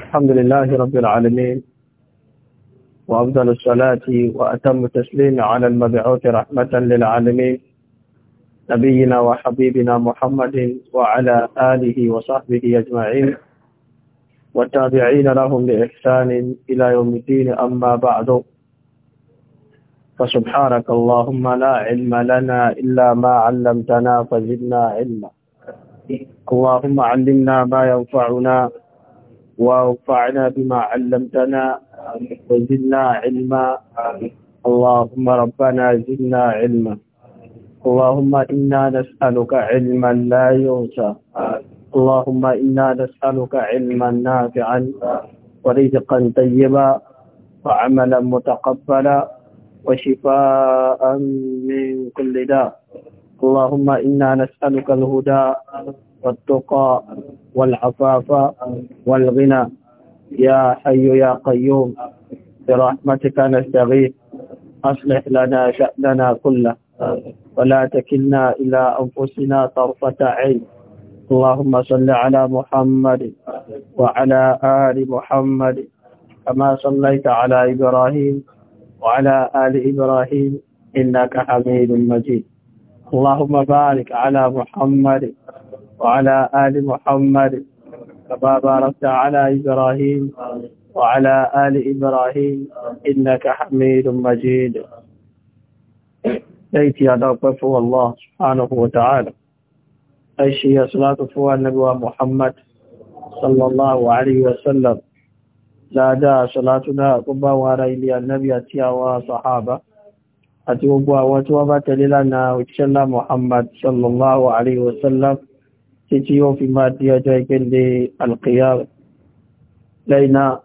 الحمد لله رب العالمين وأفضل الصلاة وأتم التسليم على المبعوث رحمة للعالمين نبينا وحبيبنا محمد وعلى آله وصحبه أجمعين والتابعين لهم بإحسان إلى يوم الدين أما بعد فسبحانك اللهم لا علم لنا إلا ما علمتنا فزدنا علما اللهم علمنا ما ينفعنا ووفعنا بما علمتنا وزدنا علما اللهم ربنا زدنا علما اللهم إنا نسألك علما لا ينسى اللهم إنا نسألك علما نافعا ورزقا طيبا وعملا متقبلا وشفاء من كل داء اللهم إنا نسألك الهدى والتقى والعفاف والغنى يا حي يا قيوم برحمتك نستغيث أصلح لنا شأننا كله ولا تكلنا إلى أنفسنا طرفة عين اللهم صل على محمد وعلى آل محمد كما صليت على إبراهيم وعلى آل إبراهيم إنك حميد مجيد اللهم بارك على محمد وعلى آل محمد كما باركت على إبراهيم وعلى آل إبراهيم إنك حميد مجيد ليتي أدركه الله سبحانه وتعالى أيشي صلاة فوى النبي محمد صلى الله عليه وسلم لا دا صلاتنا قبا ورأي النبي أتيا وصحابة أتوبوا وتوبة لنا وإن محمد صلى الله عليه وسلم تجيو في مادية جاي قال لي القيامة لينا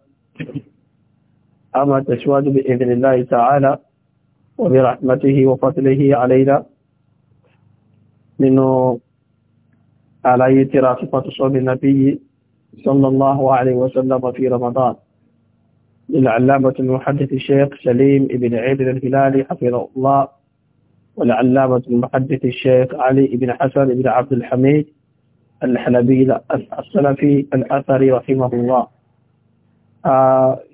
أما تشواد بإذن الله تعالى وبرحمته وفضله علينا منه على يتراك فتصوم النبي صلى الله عليه وسلم في رمضان للعلامة المحدث الشيخ سليم ابن عبد الهلالي حفظه الله ولعلامة المحدث الشيخ علي ابن حسن ابن عبد الحميد الحنبي السلفي الأثري رحمه الله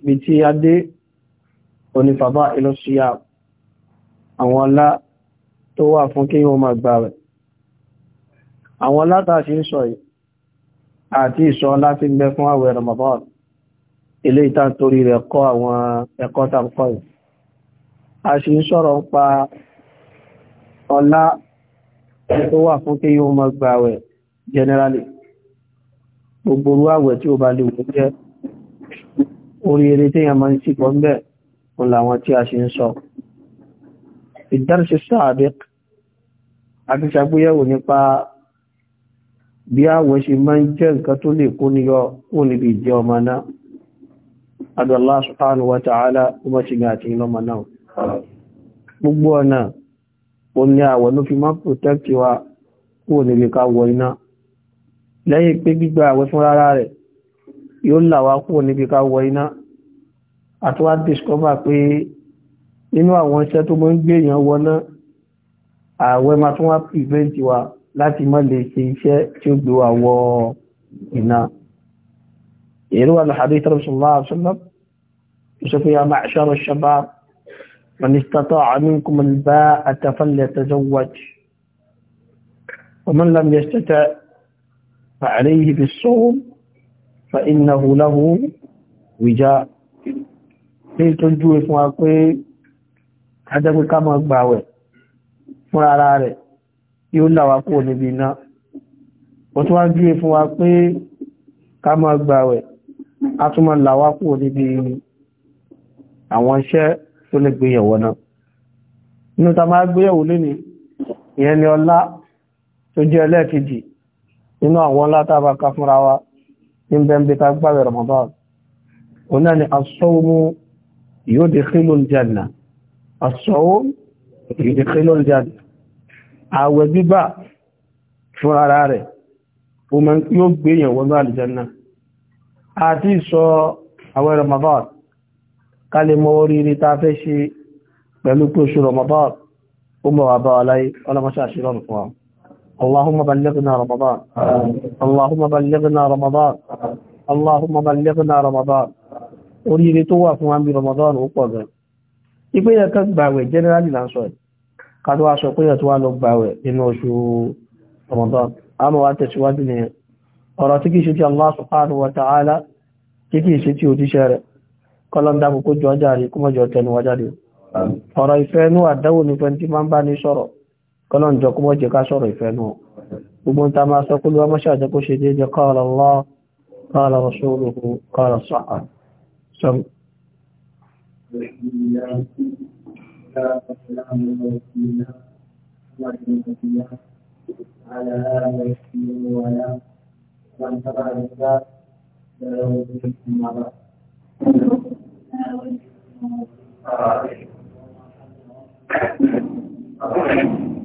بتيادي وني فضائل الصيام àwọn ọlá tó wà fún kí wọ́n máa gbààwẹ̀ àwọn ọlá tàà sí ń sọ yìí àti ìṣọ́ ọlá tí ń bẹ fún àwẹ̀ Ramadan ilé ìta torí rẹ̀ kọ́ àwọn ẹ̀kọ́ tàbíkọ́ yìí a sì ń sọ̀rọ̀ ń pa ọlá tó wà fún generally gbogbo orú àwẹ̀ tí ó bá lè wò jẹ́ orí eré tí yàn máa ń sípọ̀ ń bẹ̀ fún làwọn tí a ṣe ń sọ ìdáríṣẹ́ sáàbẹ̀ àti ṣàgbéyẹ̀wò nípa bí àwẹ̀ ṣe máa ń jẹ́ nǹkan tó lè kó níyọ kó níbi ìjẹ́ ọmọ náà Allah subhanahu wa ta'ala kuma shiga àti ilọ́mọ náà ni àwọ̀ ló fi máa protect wa kó níbi lẹ́yìn pé gbígba àwẹ̀ fún rárá rẹ̀ yóò làwá kúrò níbi ká wọ iná àtúwá discover pé nínú àwọn iṣẹ́ tó mọ́ ń gbé èèyàn wọná àwẹ̀ máa tún wá prevent wa láti má lè ṣe iṣẹ́ tí ó gbé wa wọ iná èrò wà láhàdé فعليه بالصوم فإنه له وجاء tí tó júwe fún wa pé ajẹ́gbé ká máa gbàwẹ̀ fún ara rẹ̀ yóò láwá kúrò níbi iná ó tún wá júwe fún wa pé ká máa gbàwẹ̀ a tún máa láwá kúrò níbi àwọn iṣẹ́ tó lè gbéyẹ̀wò náà inú ta máa gbéyẹ̀wò lénìí ìyẹn ni ọlá tó jẹ́ ẹlẹ́ẹ̀kejì inú àwọn látàbà ká fúnra wa ní bẹ́m̀bí ká gbáwẹ̀ Ramadan oná ni as-sawmu yudkhilul janna as-sawmu yudkhilul janna àwẹ̀ gbígbà fún ara rẹ̀ o mọ̀ yóò gbéyàn wọnú àlìjẹ́nà àti sọ àwẹ̀ Ramadan ká lè mọ ta fẹ́ ṣe pẹ̀lú pé Ramadan ó mọ̀ wà láyé ọlọ́mọṣà ṣe rọrùn اللهم بلغنا رمضان اللهم بلغنا رمضان اللهم بلغنا رمضان oríire tó wà fún àmì ramadan ó pọ̀ gan ipé yẹn kan gbàwẹ̀ generally la ń sọ ẹ̀ ká tó wá sọ pé yẹn tó wá lọ gbàwẹ̀ nínú oṣù ramadan a mọ̀ wá tẹ̀síwájú nìyẹn ọ̀rọ̀ tí kìí ṣe ti allah subhanahu wa ta'ala tí kìí ṣe ti òjíṣẹ́ rẹ̀ kọlọ́ndà kókó jọ jáde kó mọ̀jọ tẹnu wá ọ̀rọ̀ ìfẹ́ inú àdáwò ní tí máa ń bá ní sọ̀rọ̀ kọlọ́njọ kó mọ́jẹ ká sọ̀rọ̀ ìfẹ́ náà gbogbo ń ta máa sọ kó lọ́wọ́ mọ́ṣẹ́ àjẹ́kó ṣe déédé Thank you.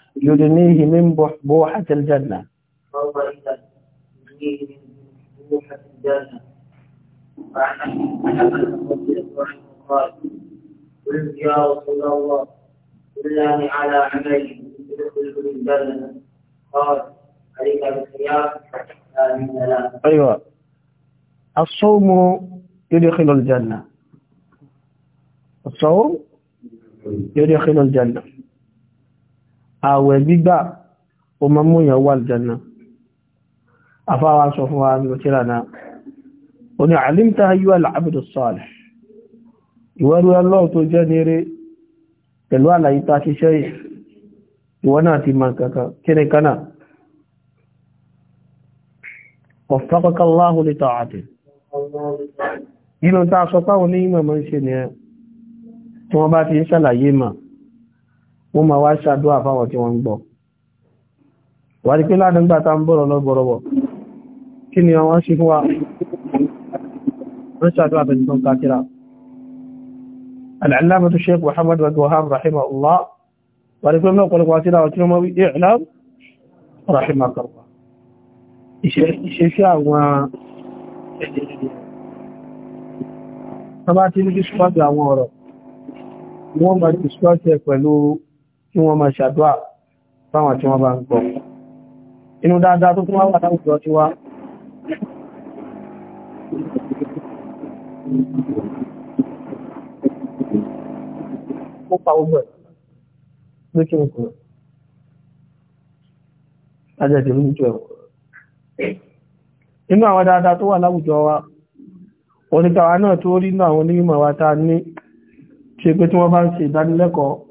يدنيه من بوحة الجنة فوق إذا يدنيه من الجنة قال قلت يا رسول الله على الجنة قال عليك أيوه الصوم يدخل الجنة الصوم يدخل الجنة ààwẹ̀ gbígbà o ma mú yàn wà aljanna afáwa sọ fún wa ní òtíra náà o ní àlímta yíwa al-abdu salih ìwẹ́rú ọlọ́run tó jẹ́ nire pẹ̀lú àlàyé ta ṣiṣẹ́ ìwọ́n náà ti máa ń ṣe nìyẹn wọ́n máa wá ṣàdúrà fáwọn tí wọ́n ń gbọ́ wà ní pé ládùúgbà tá ń bọ̀rọ̀ lọ́gbọ̀rọ̀wọ̀ kí ni àwọn ṣe fún wa wọ́n ṣàdúrà fẹ́ tuntun kákírà al'allamatu sheikh muhammad wa goham rahimahullah wà ní pé mọ́ ọ̀pọ̀lọpọ̀ àti ìdáwọ̀ àwọn ẹ̀dẹ̀ẹ̀dẹ̀ wọ́n máa ti ṣúwájú ti ẹ̀ pẹ̀lú kí wọ́n máa ṣàdúà fáwọn tí wọ́n bá ń gbọ́. inú dáadáa tó tún wá wà láwùjọ tí wá ó pa ogbò ẹ̀ ló kí n kò ajẹ́jẹ̀ ní ìjọ inú àwọn dáadáa tó wà láwùjọ wa oníkàwà náà tó rí náà àwọn onímọ̀ wa ta ní ṣe pé tí wọ́n bá ń ṣe ìdánilẹ́kọ̀ọ́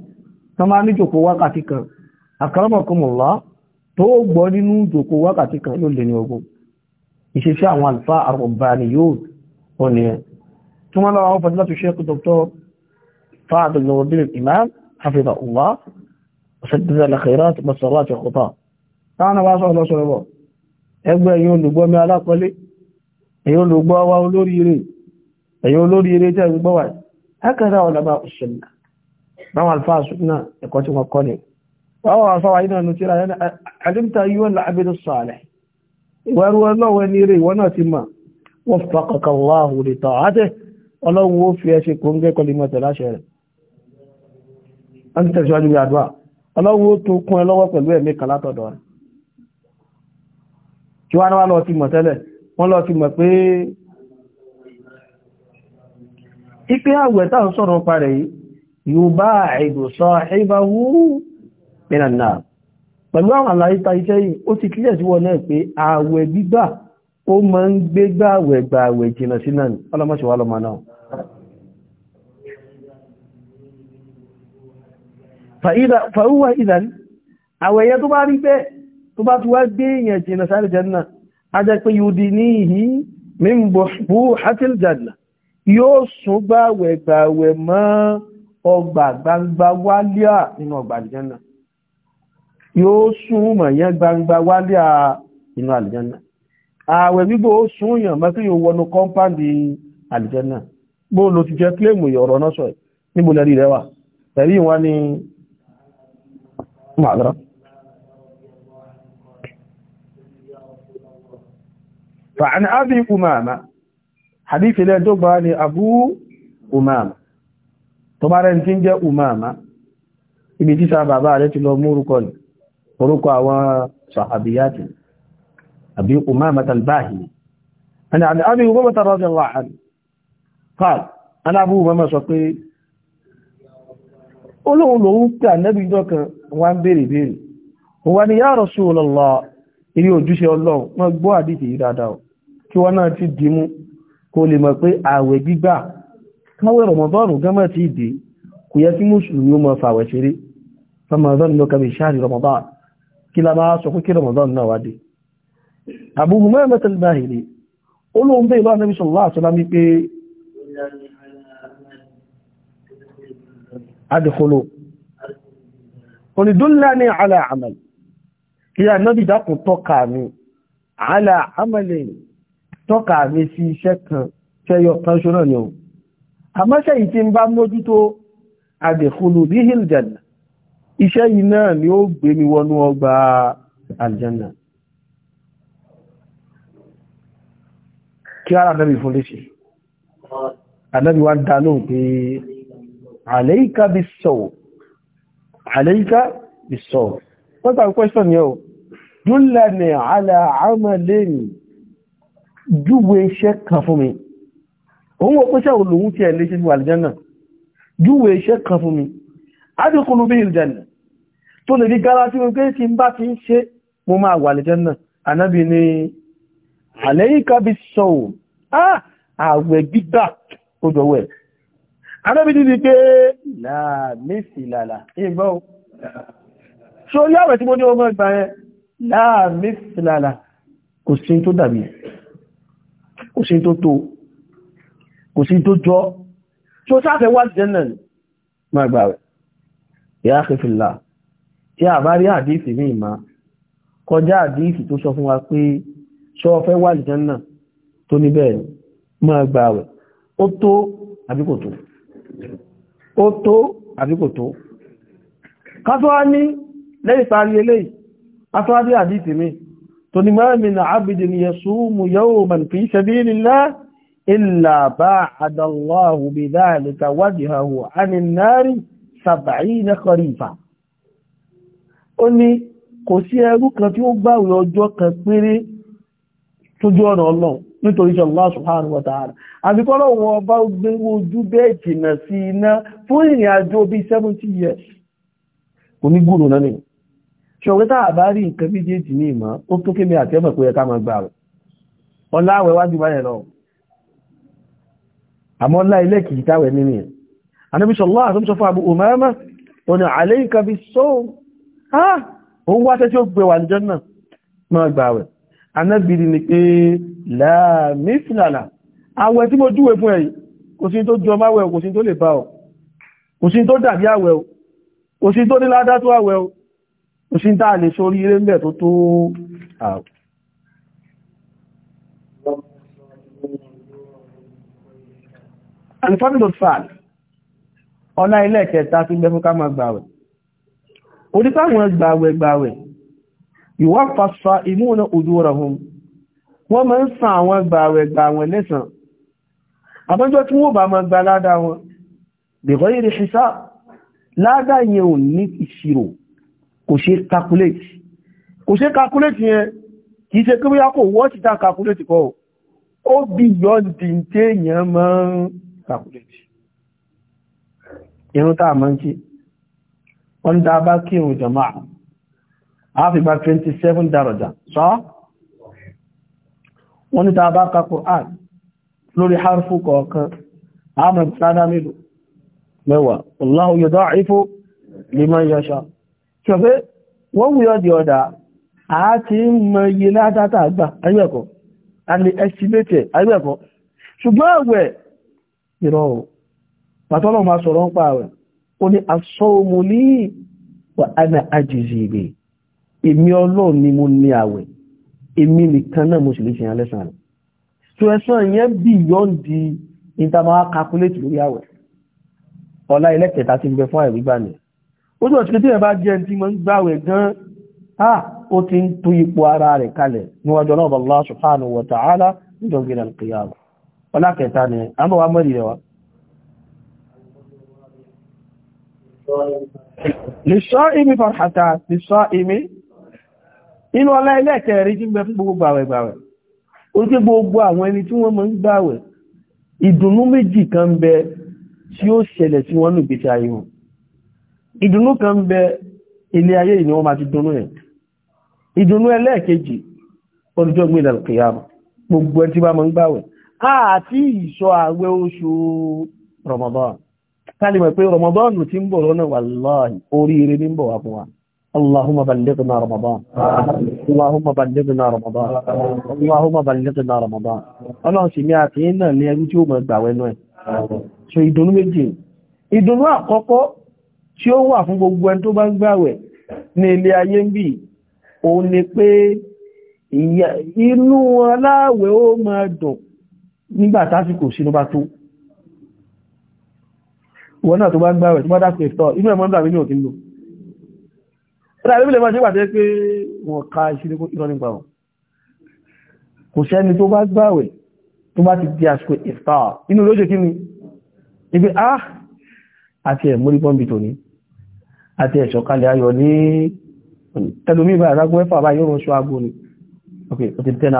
tán máa ní jòkó wákàtí kan àkàràmọ̀kùnmọ̀lá tó gbọ́ nínú jòkó wákàtí kan yóò lè ní ogun ìṣeṣẹ́ àwọn alfa àrọ̀bàní yóò ó ní ẹ̀ tó máa lọ́wọ́ àwọn fàtílá tó ṣe kú dr fahad al-nurdin imam hafiza allah ṣaddada al-khairat masarat al-khuta táwọn wá sọ lọ sọ̀rọ̀ ẹgbẹ́ yóò lùgbọ́ mi alákọlé èyí lùgbọ́ wa olóríire èyí báwọn alfa suna ẹ̀kọ́ tí wọ́n kọ́ ni báwọn alfa wáyé náà ló tíra yẹn alimta yíwọ́ làbẹ́dọ̀ sọ̀rẹ̀ ìwà ẹrú ọlọ́wọ́ ní eré ìwọ náà ti mọ̀ wọ́n fàkàkà Allahu li ta'atihi ọlọ́run ó fi ẹṣe kóńgẹ́ kọlímọ̀ tẹ̀lé àṣẹ rẹ̀ wọ́n ti tẹ̀síwájú bí àdúrà àwẹ̀ táà ń parẹ̀ yìí yubáàìdù sọ́ọ̀hìbáwú mìírànà pẹ̀lú àwọn àlàyíta iṣẹ́ yìí ó ti kílẹ̀ sí wọ́n náà pé ààwẹ̀ gbígbà ó máa ń gbé gbààwẹ̀ gbààwẹ̀ jìnà sí náà ọlọ́mọ́síwá lọ́mọ náà fàúwà ìdàn àwẹ̀yẹ tó bá rí bẹ́ẹ̀ tó bá ti wá gbé èèyàn jìnà sáré jẹ́nà a jẹ́ pé yóò di ní ìhí mímbọ̀ bú hátìl jàdà yóò sún gbààwẹ̀ gbààwẹ̀ mọ́ ọgbà gbangba wálíà nínú ọgbà àlìjánà yóò sún gbangba wálíà nínú àlìjánà ààwẹ̀ gbígbò ó sún yàn mọ́ yóò wọnú kọ́mpáǹdì àlìjánà bó ló ti jẹ́ kílèmù ọ̀rọ̀ náà sọ níbo lẹ́rí rẹ wà ẹ̀rí wọn ni màdúrà tó bá rẹ̀ tí ń jẹ́ umama ibi títà bàbá rẹ̀ ti lọ múrúkọ ní orúkọ àwọn sàhàbíyàtì àbí umama talbáhì ana abi umama radiyallahu anhu qala ana abu umama sọ pé olóhun lòun pé ànẹ́bí jọ kan wọ́n bèèrè bèèrè wọ́n ni ya Rasulullah ilé ojúṣe ọlọ́run wọ́n gbọ́ àdìtì yìí kí wọ́n náà ti dìímú kó lè mọ̀ pé ààwẹ̀ gbígbà káwẹ́ rọmọdọ́nù gánmà ti dé kò yẹ kí mùsùlùmí mọ fàwẹ̀ ṣeré rọmọdọ́nù ló kàbí ṣáàrì rọmọdọ́nù kí la máa sọ pé kí rọmọdọ́nù náà wá dé Abu Umaymah al-Bahili olóhun bẹ́ ìlú Ànábì sallallahu alaihi wasallam pé adkhulu onídúnlẹ́ni ala amal kí a náà dídákùn tọ́ka mi sí iṣẹ́ kan fẹ́yọ kan ṣọ́nà ni ohun àmọ́ṣẹ́ yìí ti ń bá mójútó àdẹ̀kùnlù bí hìljanna iṣẹ́ yìí náà ni ó gbé mi wọnú ọgbà aljanna kí ara nẹ́bì fún léṣe anẹ́bì wá ń dá lóhùn pé àlẹ́yíká bí sọ̀wọ̀ àlẹ́yíká bí sọ̀wọ̀ pẹ́ta question yẹ́ o dúnlẹ̀ ni àlà iṣẹ́ kan fún mi òun wò pẹ́ṣẹ́ olóhun tí ẹ̀ lè ṣe wà aljanna júwe iṣẹ́ kan fún mi adìkúnlù bí aljanna tó lè rí gara tí wọ́n pé tí ń bá ti ń ṣe mo máa wà aljanna anábi ni alayka bis-sawm ààwẹ̀ ah! gbígbà kò sí tó dàbí kò sí tó tó kò sí tó jọ tó sáfẹ́ wá jẹ́nà máa gbà rẹ̀ ìyá àkẹfìlà tí a bá rí àdífì ní ìmá kọjá àdífì tó sọ fún wa pé sọ́ọ̀fẹ́ wà jẹ́nà tó ní bẹ́ẹ̀ máa gbà rẹ̀ ó tó àbí ó tó àbí kò tó ní lẹ́yìn parí eléyìí afọ́wá dé àdífì إلا باعد الله بذلك وجهه عن النار سبعين خريفا ó ní kò sí ẹrú kan tí ó gbààwẹ̀ ọjọ́ kan péré tójú ọ̀nà Ọlọ́run nítorí ṣe Allah subhanahu wa ta'ala àbíkọ́lọ̀ wọn ọba gbẹ̀rú ojú bẹ́ẹ̀ jìnà sí iná fún ìrìn àjò bí 70 years kò ní gúrò náà nìyàn ṣọ̀rẹ́ tàà bá rí nǹkan méjèèjì ní ìmọ̀ ó tó kémi àtẹ́mọ̀ pé ẹ ká máa gbà rẹ̀ ọlá àwẹ̀ báyẹ̀ lọ́wọ́ àmọ́ ńlá ilé kìí táwẹ̀ nínú ẹ̀ Ànábì sallallahu alaihi wasallam fún Abu Umama ọ̀nà alayka bis-sawm ah òun wá tẹ́tí ó gbé wà ní Janna máa gbààwẹ̀ Ànábì ni pé la mithla lahu àwẹ̀ tí mo júwe fún ẹ̀yìn kò sí tó alifọ́dúnlò fàl ọ̀nà ilẹ̀ kẹta tí gbẹ fún ká máa gbàwẹ̀ oníkàwọn gbàwẹ̀ gbàwẹ̀ ìwà fàṣà ìmúnà òdúwọ̀rọ̀ hun wọ́n máa ń san àwọn gbàwẹ̀ gbàwẹ̀ lẹ́sàn àbọ́jọ́ tí wọ́n bá máa gba ládá wọn bẹ̀kọ́ yìí rí ṣiṣá ládá yẹn ò ní ìṣirò kò ṣe calculate kò ṣe calculate yẹn kì í ṣe kí wíyá kò wọ́n ti ta calculate kọ́ ó bí yọ́ndì tí èèyàn máa ń kàkúlẹ̀tì irun tá a mọ́ kí wọ́n dá bá kí irun jọmọ́ a fi 27 bá ka Qur'an lórí harfu kọ̀ọ̀kan a mọ̀ sádá mélòó mẹ́wàá Allahu yudha'ifu liman yasha ṣọ̀fẹ́ wọ́n di a ti ń mọ iye látátà àgbà and irọ́ o pàtọ́lọ̀ máa sọ̀rọ̀ ń pa rẹ̀ ó ní asọ́ọ̀mù ní wà ánà àjèjì ìbè èmi ọlọ́run ni mo ní àwẹ̀ èmi nìkan náà mo sì lè ṣèyàn lẹ́sàn rẹ̀ tó ẹ̀sán yẹn bí yọ́ǹdì ìtàmáwá calculate lórí àwẹ̀ ọlá ẹlẹ́kẹta ti ń bẹ fún àìrígbà ni ó tó ọ̀tí tíyẹ̀ bá jẹ́ tí mo ń gbàwẹ̀ gan á ó ti ń tó ipò ara rẹ̀ kalẹ̀ níwájú ọlọ́ọ̀bọ̀ Allah subhanahu wa ta'ala níjọ́ gẹ̀rẹ̀ al-qiyamah ọlákẹta ni a ń bọ̀ wá mọ́rí rẹ̀ wá lè ṣọ́ imi fọ̀hàtà lè ṣọ́ imi inú ọlá ilẹ̀ kẹrì jí gbẹ fún gbogbo gbàwẹ̀ gbàwẹ̀ ó tí gbogbo àwọn ẹni tí wọ́n mọ́ ń gbàwẹ̀ ìdùnnú méjì kan bẹ tí ó ṣẹlẹ̀ tí wọ́n lù gbèsè ayé wọn ìdùnnú kan bẹ ilé ayé ni wọ́n máa ti dùnnú yẹn ìdùnnú ẹlẹ́ẹ̀kejì olùjọ́gbìn ìdàlùkìyàmù gbogbo ẹni tí bá mọ́ ń gbàwẹ̀ àti ìṣọ́ àwẹ̀ oṣù Ramadan kálìmọ̀ pé Ramadan tí ń bọ̀ lọ́nà wàláhì oríire ní bọ̀ wá fún wa اللهم بلغنا رمضان اللهم بلغنا رمضان ọlọ́run sì ní àti iná ní ẹrú tí ó mọ̀ gbà wẹ́nu ẹ̀ so ìdùnnú méjì ìdùnnú àkọ́kọ́ tí ó wà fún gbogbo ẹni tó bá ń gbàwẹ̀ ní ilé ayé ń bì òun ni pé inú aláwẹ̀ ó máa dùn nígbà tásìkò sí ló bá tó wọ́n náà tó bá gbáwẹ̀ tó bá dákùn ìtọ́ inú ẹ̀mọ́ ìgbà mímọ̀ tí ń lò ọ̀dá ìrẹ́bìlẹ̀ máa ṣe pàtẹ́ pé wọ́n ká ìṣirò ìrọ̀ nípa wọn kò sẹ́ni tó bá gbáwẹ̀ tó bá ti di àsìkò ìfà inú lóṣè kí ni ibi a ah! àti ẹ̀ mórí pọ́ǹbì tòní àti ẹ̀ṣọ́ kalẹ̀ ayọ̀ ní tẹlomi ìbá àdágún mẹ́fà bá yóò rọṣọ agbóni ok ó ti ten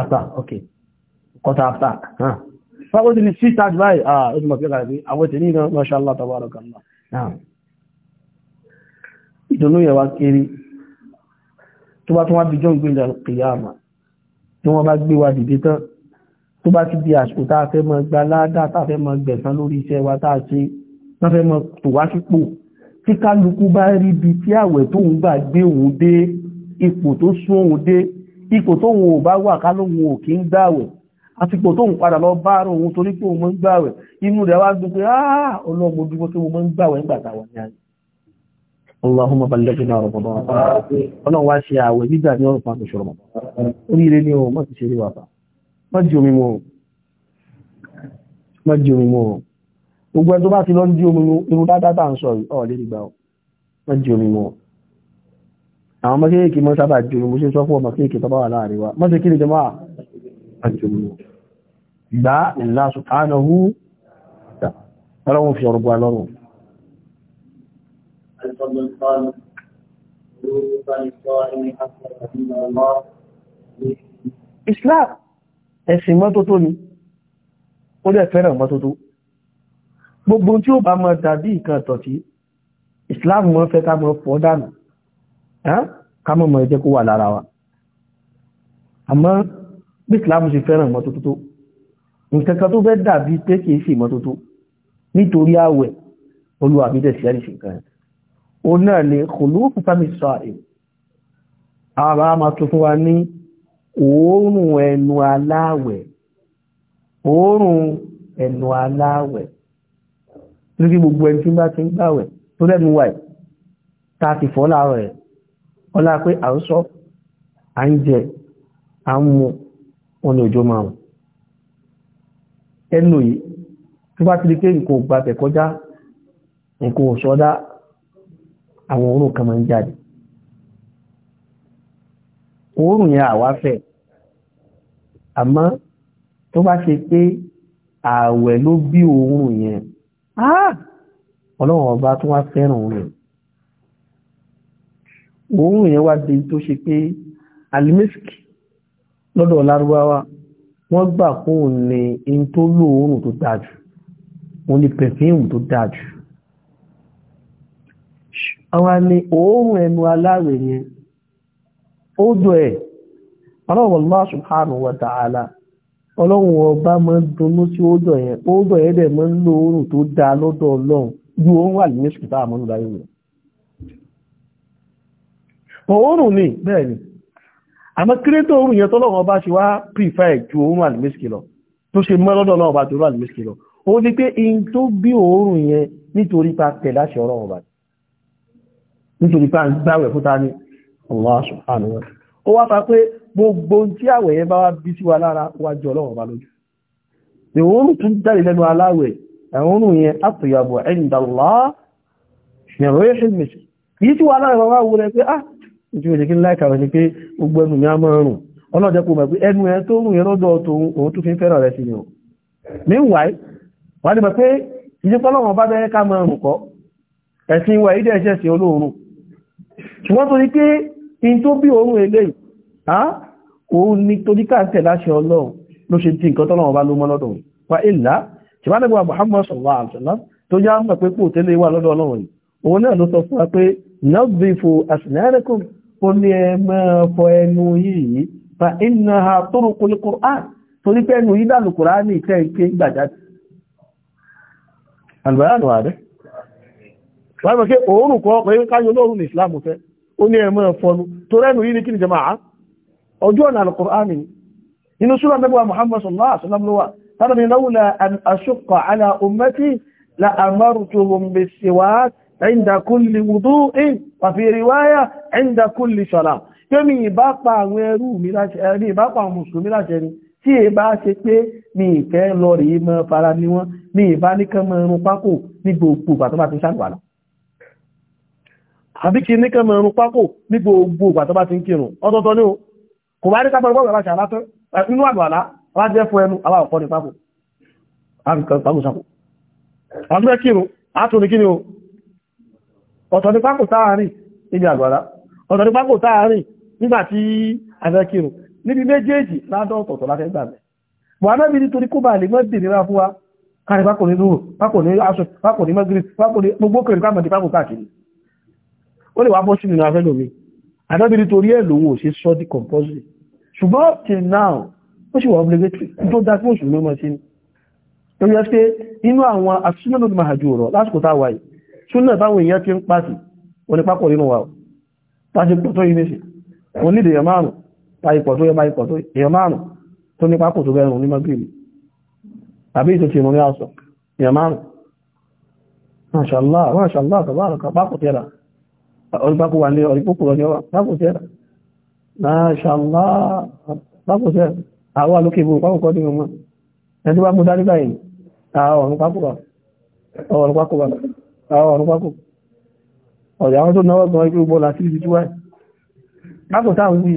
huh fáwọn ti ní sí tag by ah ó ti mọ̀ pé kàrà pé àwọn tèmi náà masha Allah tabarakallah ìdùnnú yẹn wá kéré tó bá tún wá bíjọ́ ìgbìyànjẹ́ kìyàmà tí wọ́n bá gbé wa dìde tán tó bá ti di àsìkò tá a fẹ́ mọ gba ládá tá fẹ́ mọ gbẹ̀san lórí iṣẹ́ wa tá ṣe tá fẹ́ mọ tò wá sípò tí kálukú bá rí ibi tí àwẹ̀ tó ń gbà gbé òun dé ipò tó sún òun dé ipò tó òun bá wà kálóhun ò ń gbàwẹ̀ àsìkò tó ń padà lọ bá rò òun torí pé òun mọ́ ń gbàwẹ̀ inú rẹ̀ wá dùn pé áà ọlọ́mọ dúpọ́ pé mo mọ́ ń gbàwẹ̀ nígbà táwa ní ayé Allahumma ballighna Ramadan. Ọlọ́run wá ṣe àwẹ̀ gbígbà ní ọ̀rùn pàtàkì ṣọ́rọ̀ mọ̀. Oríire ní o, má ti ṣe rí wà bá. Má jí omi mọ́ o gbá ìlà subhanahu ọlọ́run fi ọ̀rọ̀gbà lọ́rùn Islam ẹ̀sìn mọ́tótó ni ó dẹ̀ fẹ́ràn mọ́tótó gbogbo tí ó bá mọ́ dàbí nǹkan tọ̀tí Islam mọ́ fẹ́ ká mọ́ fọ́ dànù ká mọ́ mọ́ ẹjẹ́ kó wà lára wa àmọ́ bí Islam ṣe fẹ́ràn mọ́tótó nǹkan kan tó fẹ́ dàbí pé kìí ṣe ìmọ́tótó nítorí àwẹ̀ olúwa mi dẹ̀ sí àríṣe nǹkan o náà ni kòlúùkù tàbí sọ́ọ̀rẹ̀ àwọn àmà tó fún wa ní òórùn ẹnu aláwẹ̀ òórùn ẹnu aláwẹ̀ lórí gbogbo ẹni tí bá ti ń gbàwẹ̀ tó lẹ́nu wà tá a ti fọ́ láàárọ̀ ẹ̀ ọlá pé à à ń jẹ à ń mu wọn ni òjò máa wọ̀ ẹnu yìí tó bá ti rí pé nǹkan ò gbàbẹ̀ kọjá nǹkan ò sọdá àwọn òórùn kan máa ń jáde òórùn yẹn àwa fẹ́ àmọ́ tó bá ṣe pé ààwẹ̀ ló bí òórùn yẹn ah! ọlọ́run ọba tó wá fẹ́ràn òun yẹn òórùn yẹn wá di tó ṣe pé alimisk lọ́dọ̀ lárúbáwá wọ́n gbà fóun ní in tó lóòórùn tó dájú wọ́n ní pẹ̀fíìmù tó dájú àwọn ni òórùn ẹnu aláwẹ̀ yẹn ó dọ̀ ẹ̀ ọlọ́wọ̀ Allah subhanahu wa ta'ala ọlọ́run ọba máa ń dunnú sí ódọ̀ yẹn ódọ̀ yẹn dẹ̀ máa ń lo oòrùn tó dáa lọ́dọ̀ ọlọ́run ju òun wà ní ṣùkútà àmọ́nù láyé ni bẹ́ẹ̀ ni àmọ́ kírétò òun yẹn tọ́lọ́wọ́ bá ṣe wá prefer ju òun àlùmísìkì lọ tó ṣe mọ́ lọ́dọ̀ náà bá torú àlùmísìkì lọ ó ní pé in tó bí òórùn yẹn nítorí pa tẹ̀lá ṣe ọ̀rọ̀ ọ̀bà nítorí pa ń gbáwẹ̀ fúta ní Allah subhanahu wa ó wá pa pé gbogbo tí àwẹ̀ yẹn bá wá bí sí wa lára wá jọ tí ó jẹ́ kí láìka rẹ̀ ni pé gbogbo ẹnu mi á máa rùn ọlọ́jẹ́ kò mọ̀ pé ẹnu ẹ tó rùn yẹn lọ́dọ̀ tòun òun tó fi ń fẹ́ràn rẹ̀ sí ni o meanwhile wà ní mọ̀ pé ìjẹ́pọ́lọ́wọ̀n bá bẹ́rẹ́ ká máa rùn kọ́ ẹ̀sìn ìwà ìdẹ́ ẹ̀ṣẹ́ sí olóòrùn ṣùgbọ́n torí pé in tó bí òórùn eléyìí á òun ni torí káàkiri láṣẹ ọlọ́run ló ṣe tí nǹkan tọ́lọ́wọ̀n bá ló mọ́ lọ́dọ̀ wa ìlà ṣìbánàgbà Muhammad sallallahu alaihi wasallam tó ó ní ẹ máa fọ ẹnu yìí fa iná ha tóró kò ní Kùránì torí pé ẹnu yìí dànù Kùránì ìtẹ́ ìké gbàjáde àlùbáyànù ààrẹ wọ́n mọ̀ kí òórùn kọ́ pé káyọ lóòrùn عند كل وضوء وفي رواية عند كل صلاة kẹ́mi ìbá pa àwọn ẹrú mi láṣẹ ní eh, ìbá pa àwọn mùsùlùmí láṣẹ ni tí è bá ṣe pé ní ìfẹ́ lọ rí mọ́ fara ní wọ́n ní ìbá ní kẹ́mọ̀ ẹrun pákò ní gbogbo ìgbà tó bá ti ń ṣàgbàlá àbí kí ní kẹ́mọ̀ ẹrun pákò ní gbogbo ìgbà tó bá ti ń kírun ọ̀tọ̀ọ̀tọ̀ ní o kò bá rí kápọ̀ ìgbà ọ̀tọ̀ ní pápò táàrin níbi àgbàrá ọ̀tọ̀ ní pápò táàrin nígbàtí àfẹ́kìrù níbi méjèèjì ládọ́ ọ̀tọ̀ọ̀tọ̀ láfẹ́ gbàmẹ́ buhari ní torí kó bá lè mọ́ dìnira fún wa kárí pápò ní lóòrùn pápò ní aṣọ pápò ní mọ́gírí pápò ní gbogbo kèrè káàmọ̀ di pápò káàkiri ó lè wá bọ́ sí nínú afẹ́ lómi àdábìrì torí ẹ̀ lòun ò ṣe sọ di compulsory ṣùgbọ́n till now ó sì wà obligatory tó dá fún òṣùlùmọ́ súnà táwọn èèyàn ti ń pàṣì onípapọ̀ nínú wa tàṣí pọ̀ tó yìí ní sí wọn ní èèyàn márùn táyípọ̀ tó yẹ máa ipọ̀ tó èèyàn márùn tó ní pápọ̀ tó bẹ̀rùn ní mọ́bílì àbí ìtò tìmọ̀ ní àṣọ èèyàn márùn máṣàlá máṣàlá tàbáraka pápọ̀ tẹ́ra onípapọ̀ wà ní orí púpọ̀ ní ọwà pápọ̀ tẹ́ra bá mú dání báyìí àwọn ọ̀run pápọ̀ àwọn ọ̀run pákò ọ̀yà àwọn tó náwọ́ gan igbó bọ́lá sí ibi tí wáyé pákò táwọn wí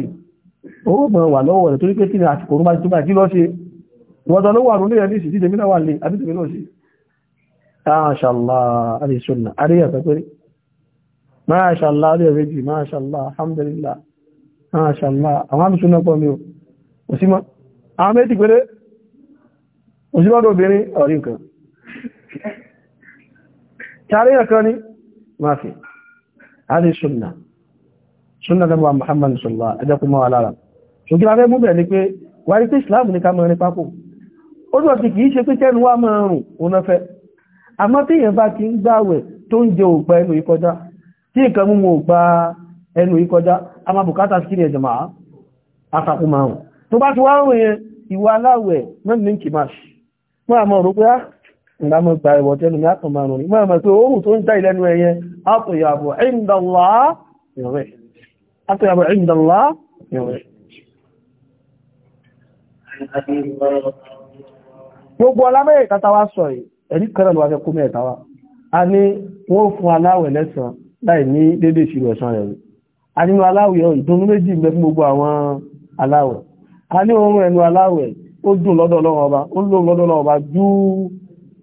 owó gbọ́n wà lọ́wọ́ rẹ̀ torí pé kí ni àsìkò orúmá tó bá kí lọ́ ṣe wọ́n ló wà lórí ẹ̀dí ìsìtí tèmi náà wà lè àbí tèmi náà ṣe Mashallah alìsọ́nà àríyà pẹ̀pẹ̀rẹ̀ Mashallah àríyà méjì Mashallah alhamdulillah Mashallah àwọn àmìsọ́nà pọ̀ mi ò sí mọ́ àwọn méjì pẹ̀lẹ́ òsímọ́dọ̀ obìnrin ọ̀rí nǹkan tàríyàn kan ní máa fi àti ṣùnà ṣùnà lẹ́gbà Muhammad sọ̀lá ẹjẹ́kú mọ́ alára ṣùgbọ́n abẹ́ mú bẹ̀rẹ̀ ni pé wà rí pé Islam ní ká mọ́ ní pápò ó dùn sí kìí ṣe pé tẹ́nu wá mọ́ rùn òun fẹ́ àmọ́ tí èèyàn bá ti ń gbàwẹ̀ tó ń jẹ ògbà ẹnu yìí kọjá tí nǹkan mú ògbà ẹnu yìí kọjá a máa bùkátà sí kíni ẹ̀jọ̀mọ̀ àtàkù márùn tó bá ti wá rùn yẹn ìwà aláwẹ̀ mẹ́rin ní kìmáṣì mọ́ àmọ́ rò pé ah, ìdámọ́ ìgbà ìwọ̀ tẹ́lù ní àtọ̀ márùn ní mọ́ pé oòrùn tó ń já ìlẹ́nu ẹyẹ àtọ̀yàbọ̀ ìndàlá ìrẹ̀ gbogbo alámẹ́ ìkàtàwà sọ ẹ̀rí kẹrẹ̀lú wáfẹ́ kú mẹ́ẹ̀tàwà a ní wọ́n fún aláwẹ̀ lẹ́sàn láì ní dédé ìṣirò ẹ̀sán rẹ̀ a nínú aláwẹ̀ ìdúnnú méjì ń bẹ fún gbogbo àwọn aláwẹ̀ a ní oorun ẹnu aláwẹ̀ ó dùn lọ́dọ̀ Ọlọ́run Ọba ó lóun lọ́dọ̀ Ọlọ́run Ọba jù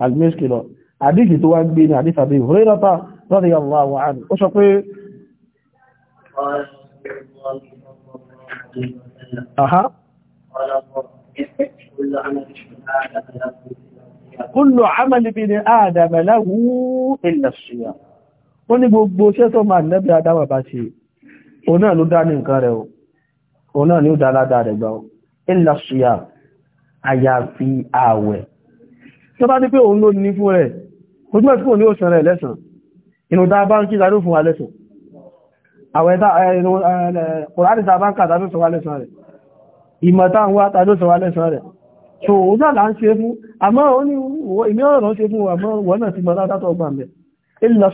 àgbéṣkì lọ àdíkì tó wá ń gbé ní àdífàbí ìhòrérọ́ta lọ́dí yàmùwà wọ́n ó sọ pé kullu amali bin adam lahu illa as-siyam ó ní gbogbo iṣẹ́ tó máa nẹ́bí adáwà bá ṣe o náà ló dá ni ó dá àyàfi ààwẹ̀ tó bá ní pé òun ló ní fún rẹ̀ ojú mẹ́sí kò ní ó sẹ̀rẹ̀ lẹ́sàn inú dá bá ń kí ìdádó fún wa lẹ́sàn àwọn ẹ̀dá ọ̀rádì tá bá ń kàdádó sọ wa lẹ́sàn rẹ̀ ìmọ̀ta ń wá tàdó sọ wa lẹ́sàn rẹ̀ so ó náà là ń ṣe fún àmọ́ ó ní ìmí ọ̀rọ̀ ṣe fún àmọ́ wọ́n náà ti mọ̀ látàtọ̀ ọgbà mẹ́ ìlọ o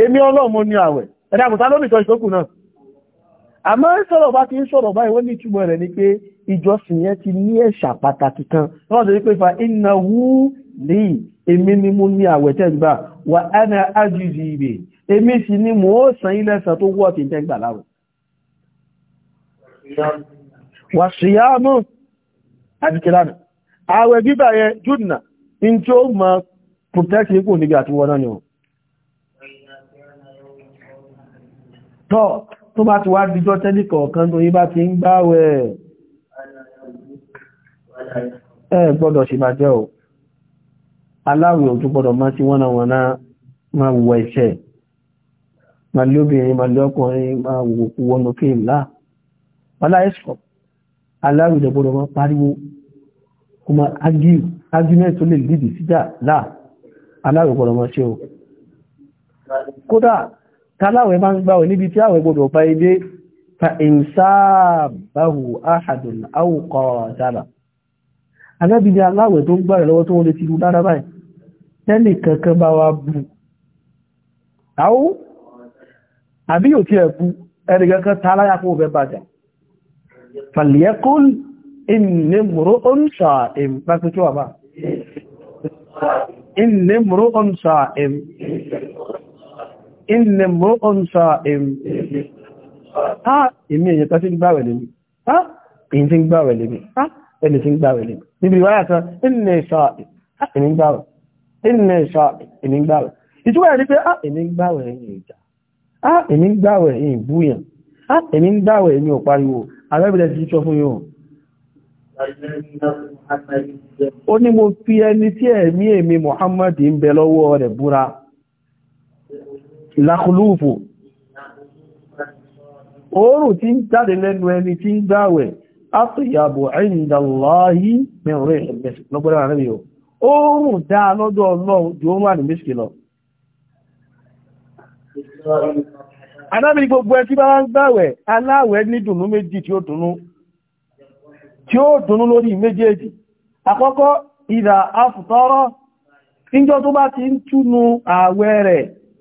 èmi ọlọ́run mo ní àwẹ̀ ẹ̀dá kò tá lónìí kan ìṣókù náà àmọ́ sọ̀rọ̀ bá ti ń sọ̀rọ̀ báyìí wọ́n ní ìtumọ̀ rẹ̀ ni pé ìjọsìn yẹn ti ní ẹ̀ṣà pàtàkì kan wọ́n sọ pé fa iná wú ní èmi ni mo ní àwẹ̀ tẹ́gbà wà á ní ájúzi ibè èmi sì ni mo ó san ilẹ̀ ẹ̀sán tó wọ́ ti tẹ́gbà láwọ̀ wà síyámù àti kìlánà àwẹ̀ gbígbà yẹn júdùnà in tó bá ti wá díjọ́ tẹ́lìkọ̀ ọ̀kan tó yí bá ti ń gbáwẹ̀ ẹ gbọ́dọ̀ ṣe bá jẹ́ ò aláwẹ̀ òtún gbọ́dọ̀ má sí wọ́n àwọn náà má wọ iṣẹ́ ma lé obìnrin ma lé ọkùnrin ma wò wọnú kí ìlà wọ́lá ẹ̀ṣọ́ aláwẹ̀ ìjọ gbọ́dọ̀ má pariwo kó ma argument tó lè lìdì síjà láà aláwẹ̀ gbọ́dọ̀ má ṣe ò kódà tàláwẹ̀ bá ń gbáwẹ̀ níbi tí àwẹ̀ gbọdọ̀ bá ilé fa ìsáàbáhù áhàdùn áwùkọ́ dára anábi ni aláwẹ̀ tó ń gbáwẹ̀ lọ́wọ́ tó wọ́n lè ti rú lára báyìí tẹ́lẹ̀ kankan bá wa bú inni mọ́ọ̀n sa èmì èmì èyàn kan sí gbáwẹ̀ lèmi èyí tí ń gbáwẹ̀ lèmi ẹni tí ń gbáwẹ̀ lèmi níbi ìwáyà kan inni sa èmì gbáwẹ̀ inni sa èmì gbáwẹ̀ ìtúwà rí pé èmì gbáwẹ̀ ẹ̀yìn ìjà èmì gbáwẹ̀ ẹ̀yìn búyàn èmì gbáwẹ̀ ẹ̀yìn ò pariwo alẹ́bẹ̀rẹ̀ ti sọ fún yóò ó ní mo fi ẹni tí ẹ̀mí èmi Muhammad ń bẹ lọ́wọ́ rẹ̀ búra lákùlúùfù oòrùn tí ń jáde lẹ́nu ẹni tí ń dáwẹ̀ àtìyàbò ẹ̀yìndàláyí mẹ́rin lọ́gbọ́dá rẹ̀ yóò oòrùn dá lọ́dọ̀ ọlọ́run jù oòrùn àní lọ gbogbo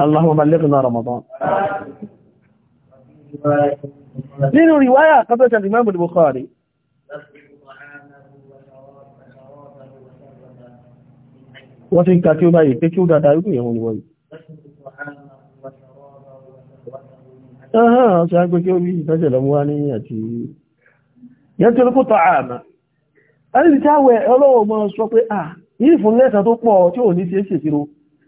اللهم بلغنا رمضان من رواية قبلة الإمام البخاري wọ́n ti ń ka kí ó báyìí pé kí ó dáadáa rúgbìn ẹ̀wọ̀n ìwọ̀n yìí. ọ̀hán ṣe agbé kí ó rí ìtọ́jẹ̀ lọ wá ní àti yẹn tí ó kútọ̀ àmà ẹni tí àwẹ̀ ọlọ́wọ̀ mọ́ sọ pé à ah, yìí fún lẹ́sà tó pọ̀ tí ò ní ṣe é ṣèṣirò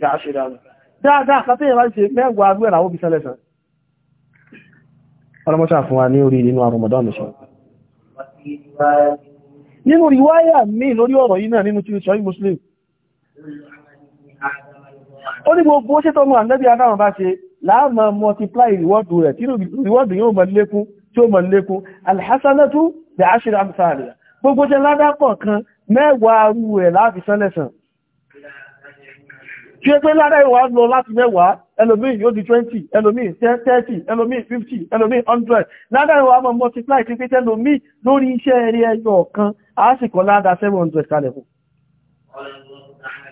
yà á ṣe dáadáa dáadáa kan tẹ́yẹ̀ bá ṣe mẹ́wàá rú ẹ̀ràwó bí sẹ́lẹ̀sàn ọlọ́mọ́sá fún wa ní orí nínú Ramadan nìṣọ́ nínú riwáyà mi lórí ọ̀rọ̀ yìí náà nínú tíri sọ́yí Muslim ó ní gbogbo ó ṣètọ́ mú àndẹ́bí adáwọn bá ṣe láàmà multiply reward rẹ̀ tí reward yóò mọ̀ lékún tí ó mọ̀ lékún alhassanatu da ashir amsaliya gbogbo jẹ́ ládá kọ̀ọ̀kan mẹ́wàá rú ẹ̀ láàfi sánlẹ̀sàn kí é pé lára ìwà lọ láti mẹ́wàá ẹlòmíì yóò di 20 ẹlòmíì 30 ẹlòmíì 50 ẹlòmíì 100 lára ìwà mọ̀ multiply kí pé tẹ́lòmíì lórí iṣẹ́ eré ẹyọ kan àásìkọ̀ láàdá 700 kalẹ̀ fún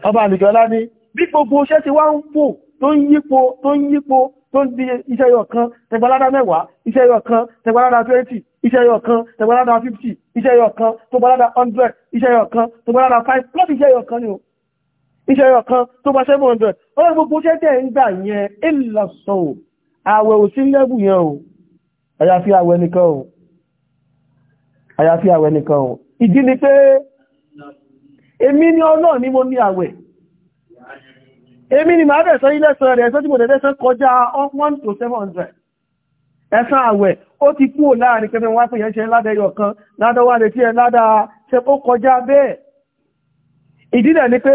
ọba àlìkọ́lá ní bí gbogbo iṣẹ́ ti wá ń pò tó ń yípo tó ń yípo tó ń di iṣẹ́ ẹyọ kan tẹgbàládá mẹ́wàá iṣẹ́ ẹyọ kan tẹgbàládá 20 iṣẹ́ ẹyọ kan tẹgbàládá 50 iṣẹ́ ẹyọ kan tó gbàládá 100 iṣẹ́ ẹyọ kan tó gbàládá five." plus iṣẹ́ ẹyọ kan ni o iṣẹ́ ẹyọ kan tó bá 700 ọ̀rọ̀ gbogbo iṣẹ́ tẹ́ ń gbà yẹn ìlọ̀sọ̀ ò àwẹ̀ ò sí lẹ́bù yẹn ò àyàfi àwẹ̀ nìkan ò àyàfi àwẹ̀ nìkan ò ìdí ni pé èmi ni ọlọ́ ni mo ní àwẹ̀ èmi ni máa bẹ̀ẹ̀sán ilẹ̀ sọ rẹ̀ ẹ̀sán tí mo dẹ̀dẹ̀ sán kọjá 1 to 700 ẹ̀sán àwẹ̀ ó ti kúrò láàrin kẹfẹ́ wá pè yẹn ṣe ládá ẹyọ kan ládá wà lè tí ẹ ládá ṣe ó kọjá bẹ́ẹ̀ ìdí dẹ̀ ni pé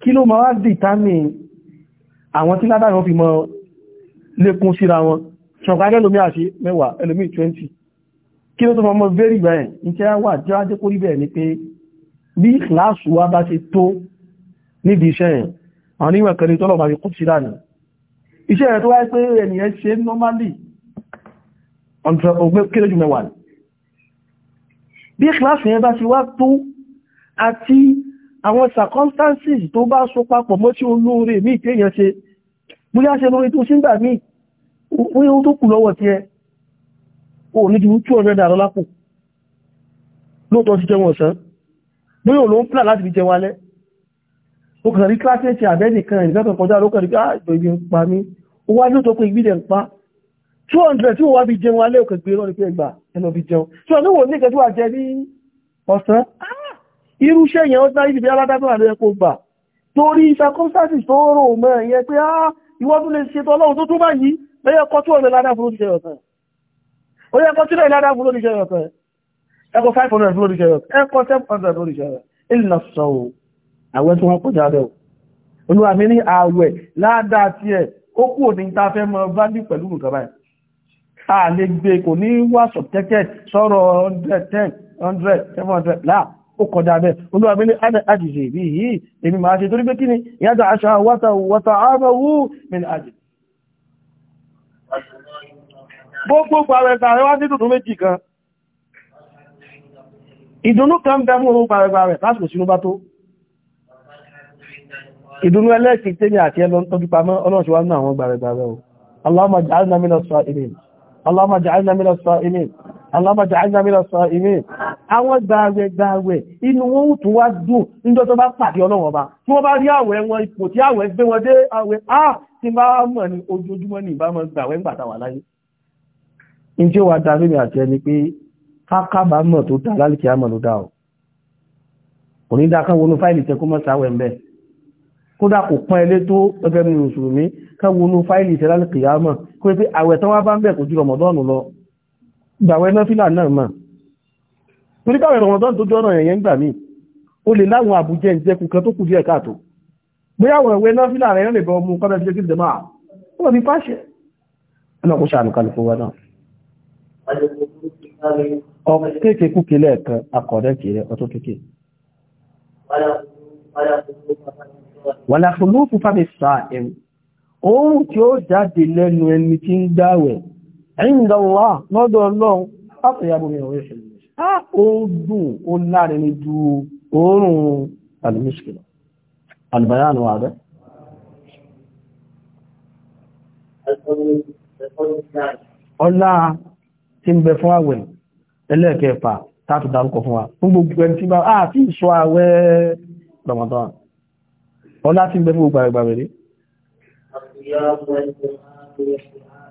kí ló máa dìtámì àwọn tí ládàrí wọn fi mọ́ lékún síra wọn ṣọ̀kà ẹlòmí àṣí mẹ́wàá ẹlòmí 20 kí ló tó mọ́ mọ́ very bẹ́ẹ̀ ní kí wà jẹ́ ajé kórí bẹ́ẹ̀ ni pé bí ìkìláàsù wa bá ṣe tó níbi iṣẹ́ yẹn àwọn onímọ̀ kan ní tọ́lọ̀ bá fi kú síra nì iṣẹ́ yẹn tó wáyé àwọn circumstances tó bá so papọ̀ mọ́ tí olóore mí ìkéyàn ṣe bóyá ṣe lórí tó ṣígbà mí orí ohun tó kù lọ́wọ́ ti ẹ o ní ju 200 àrọ lápò lóòtọ́ sí jẹun ọ̀sán bóyá ò ló ń pìlà láti fi jẹun alẹ́ ó kàn rí kíláṣẹ́ ṣe àbẹ́nìkan ìgbẹ́kàn kọjá ló kàn rí káàjọ ah, ibi ń pa mí ó wá ní ó tó pé ìgbìdẹ̀ ń pa 200 tí ó wá fi jẹun alẹ́ òkè gbé lọ́rí pé ẹgbà irúṣẹ́ yẹn ó sáré ìdìbí aládábọ̀ àrẹ ẹkọ gbà torí circumstances tó rò mọ́ ẹ̀yẹ pé á ah, ìwọ́n tún lè ṣe tọ́ ọlọ́run tó tó báyìí lẹ́yẹ kọ́ tí ọ̀nà ládá fún oríṣẹ́ ọ̀sán ó yẹ kọ́ tí ọ̀nà ládá fún oríṣẹ́ ọ̀sán ẹkọ 500 fún oríṣẹ́ ọ̀sán ẹkọ 700 fún oríṣẹ́ ọ̀sán ìlànà sọ̀rọ̀ àwẹ̀ tí wọ́n kọjá rẹ̀ olúwa mi ní àwẹ̀ ládàá tí ẹ̀ ó kú òní ta fẹ́ mọ báńdì pẹ̀lú nǹkan báyìí a lè gbé kò ní ó kọjá bẹ́ olúwàbí ní àdìsí bí yìí èmi máa ṣe torí pé kí ni ìyájá aṣọ wata ààbọ̀wú min àdìsí gbogbo gbàrẹ̀gbàrẹ̀ wá sí dùdú méjì kan ìdùnnú kan bẹ mú ohun gbàrẹ̀gbàrẹ̀ lásìkò sínú bá tó ìdùnnú ẹlẹ́ẹ̀kì tẹ́lẹ̀ àti ẹlọ tọ́jú pamọ́ ọlọ́ṣùwá náà àwọn gbàrẹ̀gbàrẹ̀ o Allahumma ja'alna minas alábàjá àjábílá sọ ìwé àwọn gbààwẹ̀ gbààwẹ̀ inú wọn ó tún wá dùn níjọ́ tó bá pàdé ọlọ́wọ̀n bá tí wọ́n bá rí àwẹ̀ wọn ipò tí àwẹ̀ gbé wọn dé àwẹ̀ á ti bá mọ̀ ní ojoojúmọ́ ní ìbámọ́ gbààwẹ̀ ńgbà tá wà láyé ǹjẹ́ wàá da lórí àjẹ ni pé kákábàámọ̀ tó dá lálìkí àmọ̀ ló dá o kò ní dá kán wọnú fáìlì tẹ kó mọ́ sáwẹ̀ ńbẹ̀ kódà kò pọ́n ẹlé tó ẹgbẹ́ mi pé àwẹ̀ tán wá bá ń bẹ̀ kò ju rọmọdọ́ọ̀nù lọ gbàwẹ́ náfílà náà mà torí káwẹ̀ rọmọdán tó jọ́nà ẹ̀yẹn gbà mí o lè láwọn àbújẹ́ ìjẹkùn kan tó kù díẹ̀ káàtó bóyá àwọn ẹ̀wẹ́ náfílà rẹ̀ lè bọ ọmọ kọ́nà fi jẹ́kìdẹ̀ máa wọ́n ní pàṣẹ ọlọ́kùn ṣàánú kalẹ̀ fún wa náà ọkẹ́kẹ́ kúkẹ́ lẹ́ẹ̀kan akọ̀dẹ́ kéré ọtún kékeré tí ó jáde lẹ́nu ẹni tí ń gbáwẹ̀ عند الله lọ́dọ̀ الله látàyàbò من ọ̀rẹ́ ìṣẹ̀lẹ̀ á ó dùn ó láàrin ní ju oòrùn alìmíṣkìlọ̀ alìbáyánù ààrẹ ọlá tí ń bẹ fún àwẹ̀ ẹlẹ́ẹ̀kẹfà tààtù dárúkọ fún wa fún gbogbo ẹni tí bá á tí ìṣọ́ àwẹ̀ Ramadan ọlá tí ń bẹ fún gbogbo àgbàwẹ̀rẹ́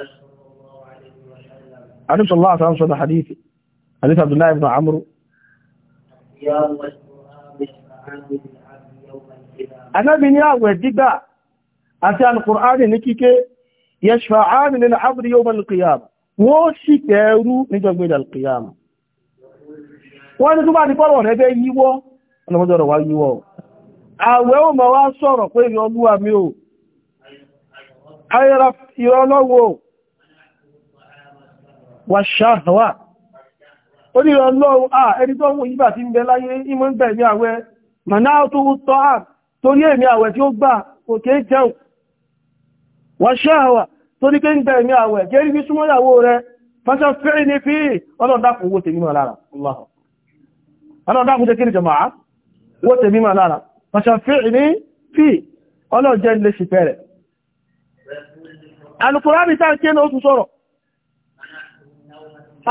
النبي صلى الله عليه وسلم صدى حديث حديث عبد الله بن عمرو Ànábì ní àwẹ̀ dígbà àti alkùnrin ní kíké, yẹ ṣfa'áni nínú àbúrí yóò mẹ́lù kìyàmù, wọ́n sì pẹ̀rú níjọgbé alkìyàmù. Wọ́n ni tó bá ti pọ́lọ̀ rẹ̀ bẹ́ yíwọ́, ọlọ́mọdọ̀rọ̀ wá yíwọ́. Àwẹ̀ ó mọ̀ wá sọ̀rọ̀ pé ìrọlúwà mi ò, ayẹ́ra ìrọlọ́wọ́ wà ṣáàwà orílẹ̀ ọlọ́run ẹni tó wọ́n yíbà ti ń bẹ láyé ìmọ̀ ń bẹ̀ ní àwẹ̀ mọ̀ná tó tọ́ à torí èmì àwẹ̀ tí ó gbà kò jẹun wà ṣáàwà torí pé ń bẹ̀ ní àwẹ̀ jẹ́rí bí súnmọ́yàwó rẹ fásọ fẹ́rẹ̀ fi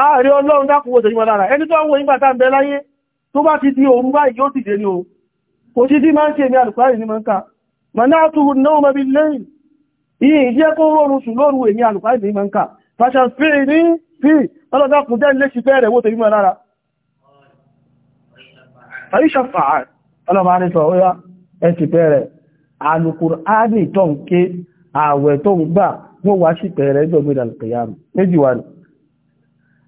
ààrẹ ọlọ́run dákùnwò tẹ̀yí wọn lára ẹni tó àwọn òyìnbà tá ń bẹ láyé tó bá ti di òun báyìí yóò dìde ní o kò sí tí máa ń ṣe ní alùkwárí ní mọ́ǹkà manatuhu náà bí lẹ́yìn iye ìjẹ́ kó rọrùn sùn lóru èmi alùkwárí ní mọ́ǹkà fàṣàfíì ní fi ọlọ́dákùn jẹ́ ilé ṣiṣẹ́ rẹ̀ wó tẹ̀yí tó ń ké ààwẹ̀ tó ń gbà wọ́n wá sí pẹ̀rẹ̀ ẹgbẹ̀gbẹ̀ ìdàlùkìyàmù méjì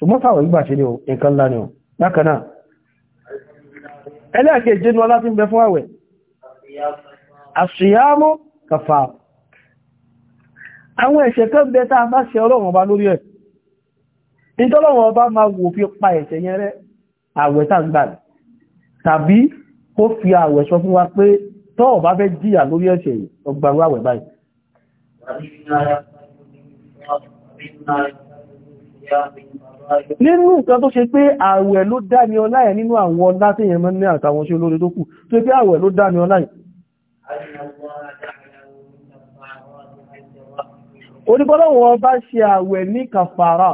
ṣùgbọ́n fàwọ̀ ìgbà ṣe ní o nǹkan ńlá ni o lákanáà ẹlẹ́ẹ̀kẹ́ ìjẹ́nu ọlá tí ń bẹ fún àwẹ̀ àṣìyàmú kàfà àwọn ẹ̀ṣẹ̀ kan bẹ tá a bá ṣe ọlọ́run ọba lórí ẹ̀ ìtọ́lọ́run ọba máa pa ẹ̀ṣẹ̀ yẹn rẹ́ àwẹ̀ tá ń gbà tàbí kó fi àwẹ̀ sọ fún wa pé tọ́ ọba fẹ́ nínú nǹkan tó ṣe pé àwẹ̀ ló dá ní ọlá ẹ̀ nínú àwọn ọlá tí èèyàn mọ́ ní àtàwọn ṣe olóore tó kù tó pé àwẹ̀ ló dá ní ọlá ẹ̀ oníbọ́lọ́wọ́ bá ṣe àwẹ̀ ní kàfàrà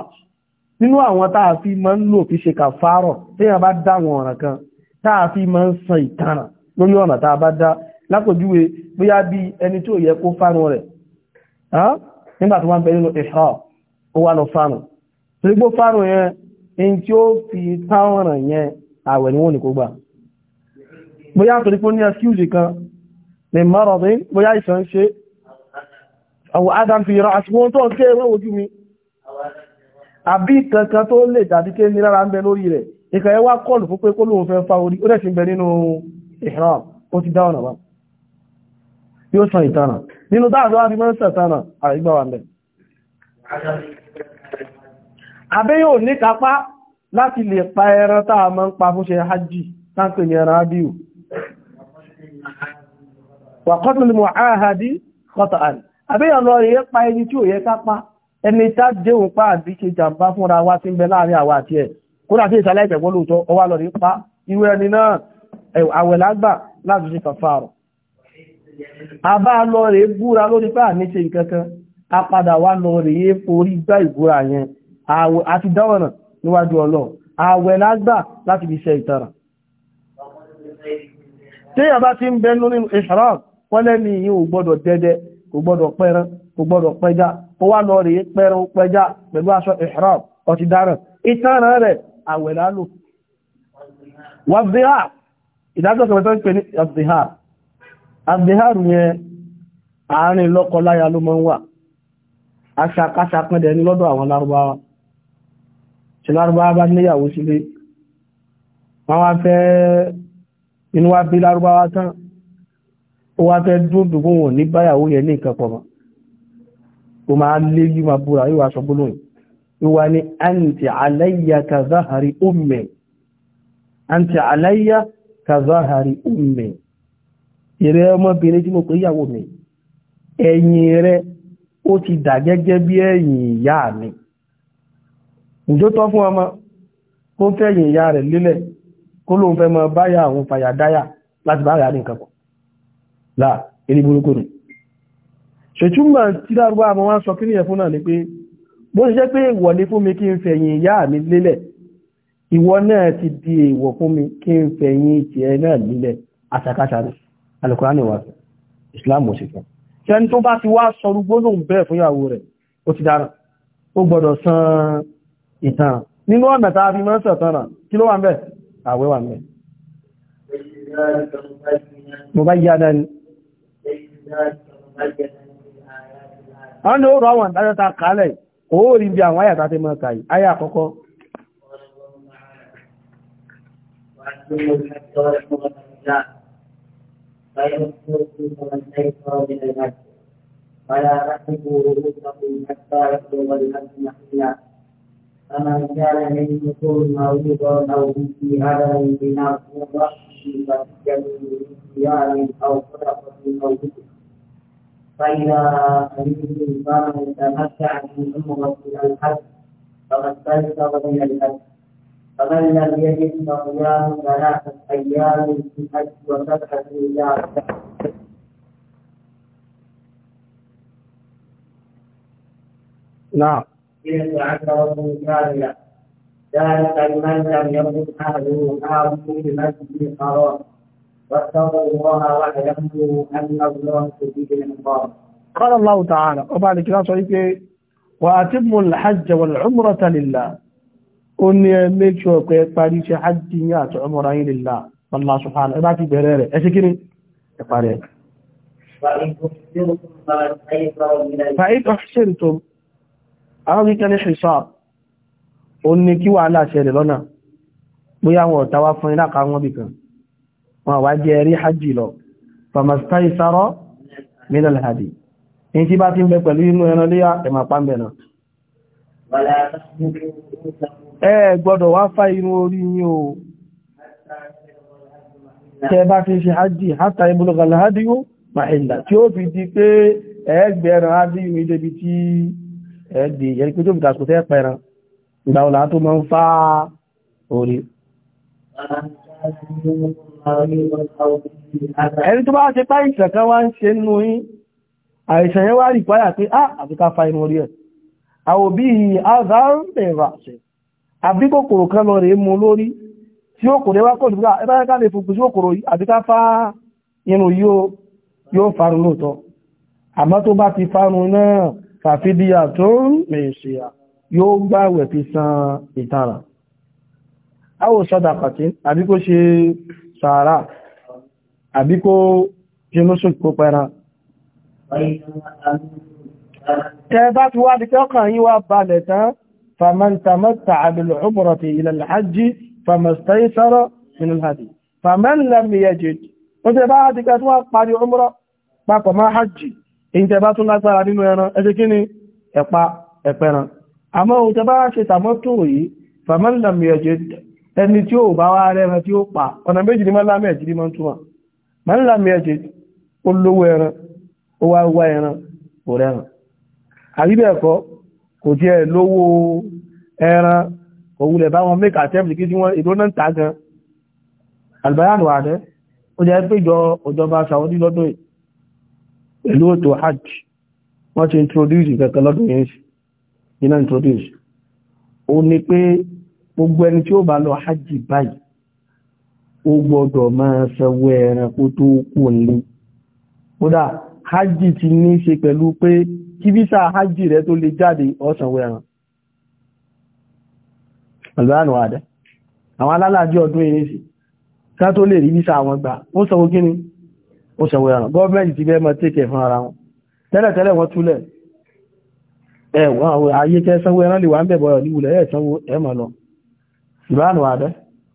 nínú àwọn táà fi máa ń lò fi ṣe kàfàrọ̀ téèyàn bá dá àwọn ọ̀ràn kan táà fi máa ń san ìtanràn lórí ọ̀nà táà bá dá lápòjúwe bóyá bí ẹni tí ò yẹ kó fárun rẹ̀ nígbà tó wá ń bẹ nínú ìṣọ́ ó wá lọ fárun torígbó fárò yẹn in tí ó fi táwọn yẹn àwẹ̀ ni wọ́n ní kó gbà bóyá torí pé ní ẹ̀síùsì kan ní márọ̀dín bóyá ìṣàn ṣe àwọn adam fi ra àti wọ́n tó ń kéè wọ́n ojú mi àbí kankan tó lè dàbí ké ní rárá ń bẹ lórí rẹ̀ ìkà ẹwà kọlù fún pé kó lóun fẹ́ fa orí ó àbẹ́ yóò ní kápá láti lè pa ẹran táà máa ń pa fún ṣe hajji tánkì ní ẹran abíò wàkọ́tùlù mọ̀ áhàdí kọta àrí àbẹ́ yàn lọ rí yẹ pa ẹni tí ò yẹ kápá ẹni tá déhùn pa àbí ṣe jàmbá fúnra wá tí ń bẹ láàrin àwa pa irú ẹni náà a padà wá lọ rí forí gbá ìbúra yẹn àwẹ̀ àti dáwọ̀nà níwájú ọlọ́run àwẹ̀ lágbà láti ìtara bá ti ń bẹ nínú ìṣàrán wọ́n lẹ́ni yìí ò gbọ́dọ̀ dẹ́dẹ́ kò gbọ́dọ̀ pẹran kò gbọ́dọ̀ pẹja ó wá lọ rèé pẹran pẹja pẹ̀lú aṣọ ìṣàrán ọtí dáràn ìtara rẹ̀ àwẹ̀ lálò na na tí lárúbáwá bá níyàwó sílé wọ́n wá fẹ́ inú wá bí lárúbáwá tán ó wá fẹ́ dúdú fún wọn ní báyàwó yẹn ní nǹkan pọ̀ ó máa lé yí búra yóò wá sọ gbólóhùn yóò wá kazahari umme àǹtí aláyà kazahari umme ìrẹ́ ọmọbìnrin tí mo pè ìyàwó mi ẹ̀yìn rẹ̀ ó ti dà gẹ́gẹ́ bí ẹ̀yìn ìyá mi ìjó tọ́ fún ọmọ kó fẹ́yìn ìyá rẹ̀ lélẹ̀ kó lóun fẹ́ mọ báyà àwọn fàyàdáyà láti báyà ní nǹkan pọ̀ láà eré burúkú ni ṣètúmọ̀ tí dárúgbà àmọ́ wá sọ kí ní ẹ̀fún náà ni pé bó ṣe jẹ́ pé ìwọ ni fún mi kí n fẹ̀yìn ìyá mi lélẹ̀ ìwọ náà ti dára ó gbọ́dọ̀ san ìtàn nínú ọ̀nà tàà fi mọ́ sọ̀tọ̀nà kí ló wà ń bẹ̀ àwẹ́ wà ń bẹ̀ mo bá yá dání ọ́nà ó rọ àwọn ìdájọ́ ta kálẹ̀ bí àwọn àyàtà tí mọ́ kàí àyà àkọ́kọ́ ولا تحبوا رؤوسكم حتى يبلغ الهدي محله فمن كان منكم مريضا او في عدم بناء الرحم من بصيام او صدقه او ذكر فاذا امنتم فمن تمتع من عمره الى الحج فقد استيسر من الحج فمن لم يجد فصيام ثلاثه ايام في الحج الى الحج نعم تلك عشرة كاملة ذلك لمن لم يكن أهله حاضر المسجد الحرام واتقوا الله واعلموا أن الله شديد العقاب قال الله تعالى وبعد كده صحيح إيه؟ وأتموا الحج والعمرة لله ان ní ẹ make حج pé parí لله والله سبحانه àti ọmọrà yìí ايش Allah subhanahu ẹbá ti àwọn wíkẹ́ ní ṣìṣọ́p ó ní kí wàhálà ṣẹlẹ̀ lọ́nà bóyá wọn ọ̀tá wá fún iná káwọn bìkan wọn wá jẹ́ rí hajj lọ famasta isaro minal hadi in tí bá ti ń bẹ pẹ̀lú inú ẹran léyà ẹ̀mà pàmbẹ̀ náà ẹ gbọ́dọ̀ wá fá irun orí yín ẹ̀ẹ́dì yẹ́rì pé tóbi tàṣkò tẹ́ pẹ̀ràn ìgbà ọ̀la tó máa ń fá orí ẹni tó bá ṣe pá ìṣẹ̀kan wá ń ṣe nínú yín àìsàn yẹn wá rí pàdà pé á ah, àti ká fa inú orí ẹ̀ àwọn òbí azarmbera ṣe àbí kòkòrò kan lọ rèé mú lórí tí ó kò rẹwà kò nígbà ah, ẹbáyẹ́ká lè fòkù sí kòkòrò àbí ká fá irun yóò farun lóòtọ́ àmọ́ tó bá ti farun náà fàfídíyà tó ń mẹ́ṣíyà yóò gbàwẹ̀ fi san ìtara awò sọ́dàkàtí àbí kó ṣe sàárà àbí kó ṣe lóṣùn kó pẹ́ra tẹ́ bá ti wá di kọ́kàn yí wá balẹ̀ tán fàmàntàmọ́ta àbìlẹ̀ ọmọrọ̀tì ilẹ̀ hajji fàmàstẹ́ sọ́rọ̀ nínú èyí tẹ bá tún lágbára nínú ẹran ẹjẹ́ kí ni ẹ̀pa ẹ̀pẹ̀ran àmọ́ ohun tẹ bá ṣe tàmọ́ yìí fàmọ́lìlàmì ẹni tí ó bá wá rẹran tí ó pa ọ̀nà méjì ní mọ́lámì ẹ̀jì ní mọ́ túnmọ̀ mọ́lámì ẹ̀jẹ̀ ó lówó ẹran ó wá wá ẹran kò rẹran àbíbẹ̀ẹ̀kọ́ kò jẹ́ lówó ẹran kò wulẹ̀ bá wọn make attempt sàwọn nílọ́dún yìí pẹ̀lú ètò hajj wọ́n ti introduce kẹ̀kẹ́ lọ́dún yẹn sí iná introduce ó ní pé gbogbo ẹni tí ó bá lọ hajj báyìí ó gbọ́dọ̀ máa sanwó ẹran kó tó kú nílé kódà hajj ti ní ṣe pẹ̀lú pé kí visa hajj rẹ tó lè jáde ó sanwó ẹran ọ̀lọ́rùn àdá àwọn alálàájí ọdún yìí sí ká tó lè rí visa àwọn gbà ó sanwó kíni ó ṣẹ̀wọ̀ ẹ̀ràn gọ́ọ̀mẹ́ntì ti bẹ́ẹ̀ mọ́ tẹ́kẹ̀ fún ara wọn tẹ́lẹ̀tẹ́lẹ̀ wọ́n túlẹ̀ ẹ̀wọ̀n àwọn ayé kẹ́ sanwó ẹran lè wà ń bẹ̀bọ̀ níwùlẹ̀ ẹ̀ sanwó ẹ̀mọ̀ lọ ìbánu àdẹ́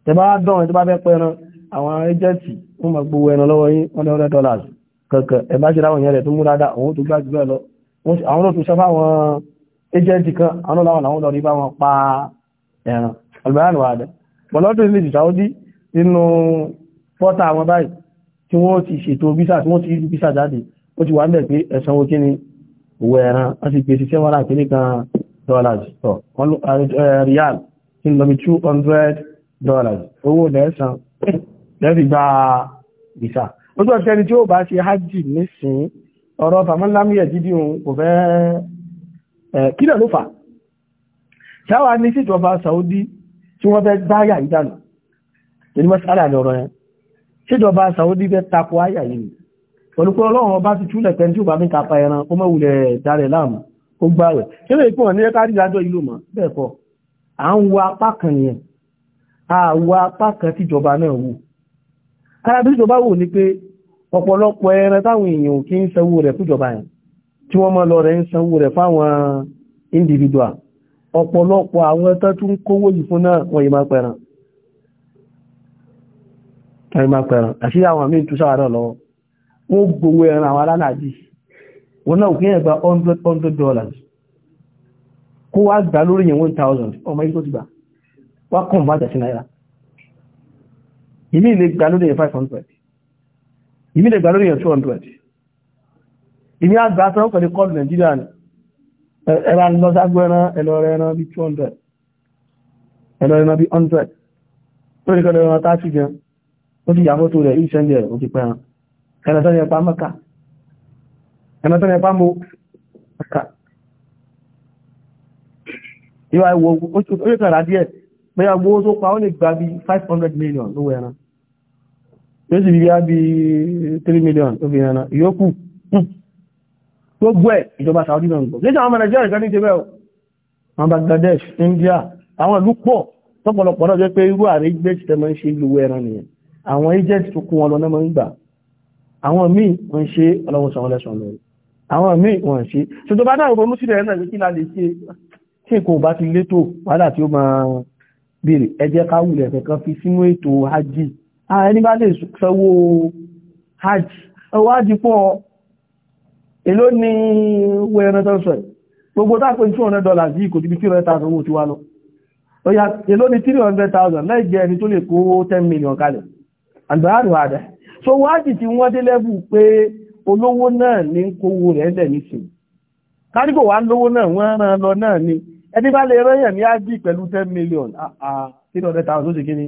tẹ bá dán ẹ tó bá fẹ́ pẹran àwọn ẹjẹ́ǹtì ó máa gbowó ẹran lọ́wọ́ yín one hundred dollars kankan ẹ bá ṣe láwọn yẹn rẹ̀ tó mú dáadáa òun tó gbájú bẹ́ẹ̀ lọ àwọn ló tún sọ fáwọn ẹjẹ́ǹtì kan àwọn làwọn làwọn lọ rí bá wọn pa ẹran ìbánu àdẹ́ pọ̀lọ́dún ilé ìjìṣà ó dí nínú pọ́tà àwọn báyìí tí wọ́n ti ṣètò bísà tí wọ́n ti rí bísà jáde ó ti wà ń bẹ̀ pé ẹ̀sán owó kíní owó ẹran wọ́n ti pèsè sẹ́wọ́n láti ní kan dollars tọ̀ rial tí ń lọ́bi two hundred dollars owó lẹ́sàn lẹ́fi gba bísà ó tó ọ̀tẹ́ni tí ó bá ṣe hajj nísìn ọ̀rọ̀ fàmọ́lámìyẹ̀ dídí òun kò fẹ́ eh, kí ló fà ṣáwà ní síjọba Saudi tí wọ́n fẹ́ gbáyà ìdànù ṣíjọba Saudi fẹ́ takò àyà yìí pẹ̀lú pé ọlọ́run ọba ti túlẹ̀ pẹ̀lú tí ní kapa ẹran ó mọ̀ wulẹ̀ darẹ̀ láàmú ó gbá rẹ̀ ṣé lè pọ̀ ní ẹ̀ka dídájọ́ ìlú mọ̀ bẹ́ẹ̀ kọ́ à ń wo apá kan yẹn à wo apá kan tíjọba náà wù ara bí tíjọba wù ni pé ọ̀pọ̀lọpọ̀ ẹran táwọn èèyàn kì í sanwó rẹ̀ fújọba yẹn tí wọ́n mọ́ lọ rẹ̀ ń sanwó rẹ̀ fáwọn individual ọ̀pọ̀lọpọ̀ àwọn tó tún kówó yìí fún náà wọ́n yìí máa pẹ̀ràn tàbí máa pẹ̀ràn àti àwọn àmì ìtúsà àárọ̀ lọ́wọ́ wọ́n gbowó ẹran àwọn alálàájì wọ́n náà kí ẹgbà 100 dollars kó wá gbà lórí yẹn 1000 ọmọ yìí tó ti gbà wá kùn bá jẹ̀sí náírà ìmí lè gbà lórí yẹn 500 ìmí lè gbà lórí yẹn 200 ìmí àgbà sọ́rọ̀ pẹ̀lú kọlù nàìjíríà ni ẹ̀rà lọ́sàgbẹ́ran ẹlọ́rẹ̀ ẹran bí 200 ẹlọ́rẹ̀ ẹran bí 100 lórí kọlù ẹran 30 gan ó ti yàfótó rẹ̀ ìṣẹ́lẹ̀ ó ti pẹ́ran ẹ̀nàtọ́ni ẹ̀pá mọ́ká ẹ̀nàtọ́ni ẹ̀pá mọ́ ọ̀ká ìwà ìwò oríkàrà díẹ̀ mẹ́yà gbówó tó pa ó lè gba bí 500 million ló wẹ̀ ẹran tó sì bí bí 3 million tó fi ẹran ìyókù tó hmm. gbọ́ ẹ̀ ìjọba Saudi náà gbọ́ nígbà àwọn Nàìjíríà Bangladesh India àwọn ìlú pọ̀ tọ́pọ̀lọpọ̀ náà jẹ́ pé irú àrígbé ti tẹ́mọ̀ ń ṣe ìlú ẹran nìyẹn àwọn agent tó kún wọn lọ náà mọ́ ń gbà àwọn míì wọ́n ṣe ọlọ́wọ́sàn ọlẹ́sàn lórí àwọn míì wọ́n ṣe tó tó bá dáwọn ọgbọ̀n músílẹ̀ ẹ̀nà ìgbé kí la lè ṣe tí kò bá ti létò wádà tí ó máa bèèrè ẹjẹ́ káwùlẹ̀ kankan fi sínú ètò hajj ẹni bá lè sanwó hajj owó hajj pọ̀ èló ni owó ẹran tó sọ gbogbo tápẹ́ two hundred dollars yìí kò ti bí three hundred thousand owó million kalẹ̀ àgbàrù àdá so wájì tí wọ́n dé lẹ́bù pé olówó náà ní kówó rẹ̀ lẹ̀ nísìn káríkò wá lówó náà wọ́n rán lọ náà ni ẹni bá lè rẹ́yàn ní ájì pẹ̀lú 10 million àà ah, 300,000 ah, ó sì kí ni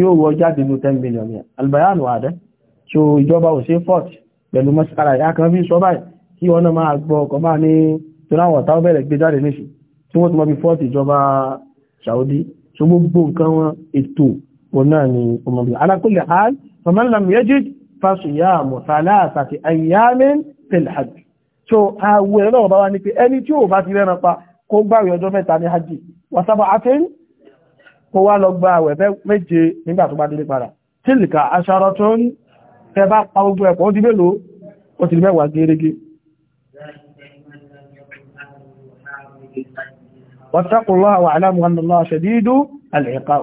yóò wọ jáde ló 10 million yẹn albayanu àdá so ìjọba ò sí fort pẹ̀lú mọ́síkára ìyá kan fi sọ báyìí kí wọ́n náà máa gbọ́ ọkọ̀ máa ní tó láwọn ọ̀tá bẹ̀rẹ̀ gbé jáde níṣì tí wọ́n ti mọ́ bí fort ìjọba Saudi so gbogbo nǹkan wọn ètò òun náà ni ọmọbìnrin alákùnlé hàn fọmọlọmọ yẹjì fasiyamu salasati ayyamin fil hajj so àwẹ̀ náà bá wá ní pé ẹni tí ó bá ti rẹ́ran pa kó gbàwé ọjọ́ mẹ́ta ní hajj wasaba atin kó wá lọ gba àwẹ̀ méje nígbà tó bá délé padà tílìkà الله واعلموا أن الله شديد العقاب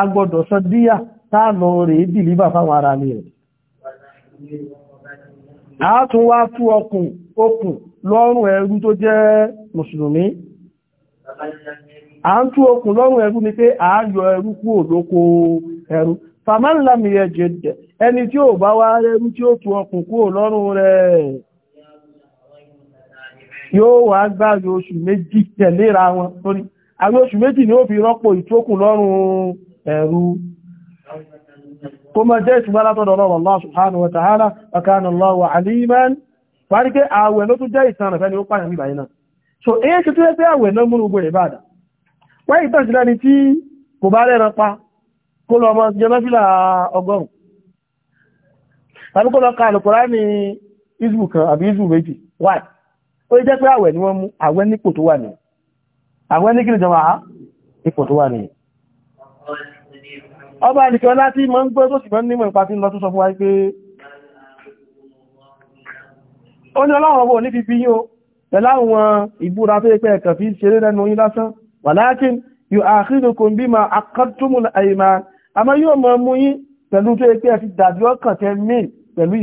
agbọ́dọ̀ sọ díyà táàlọ rẹ̀ dìlíbà fáwọn ara ní rẹ̀. a tún wá ọkùn okùn lọ́rùn ẹrú tó jẹ́ mùsùlùmí a ń tú okùn lọ́rùn ẹrú ni pé a yọ ẹrú kú òlókó ẹrú fàmánlámi ẹrú àwọn oṣù méjì ni ó fi rọ́pò ẹ̀rú kó mọ́ jẹ́ ìṣùgbọ́n látọ̀dọ̀ lọ́wọ́ Allah subhanahu wa ta'ala akana Allahu aliman parí pé ààwẹ̀ ló tún jẹ́ ìsan rẹ̀ fẹ́ni ó pàyàn nígbà iná so èyí ṣe tó yẹ́ pé ààwẹ̀ náà múrù gbogbo ìbádà wọ́n ìtàn sí tí kò bá pa kó lọ ọmọ ka jẹ́ ni ọba nìkan láti mọ́ ń gbọ́ tó sì mọ́ nímọ̀ ìpàtí lọ tó sọ fún wa pé ó ní ọlọ́run ọwọ́ ní fífi yíò pẹ̀lá àwọn ìbúra tó yẹ pé ẹ̀kàn fi ṣeré lẹ́nu yín lásán walakin yu'akhidukum bima aqadtumul ayman àmọ́ yóò mọ̀ mú yín pẹ̀lú tó yẹ pé ẹ fi dàbí ọkàn tẹ mí pẹ̀lú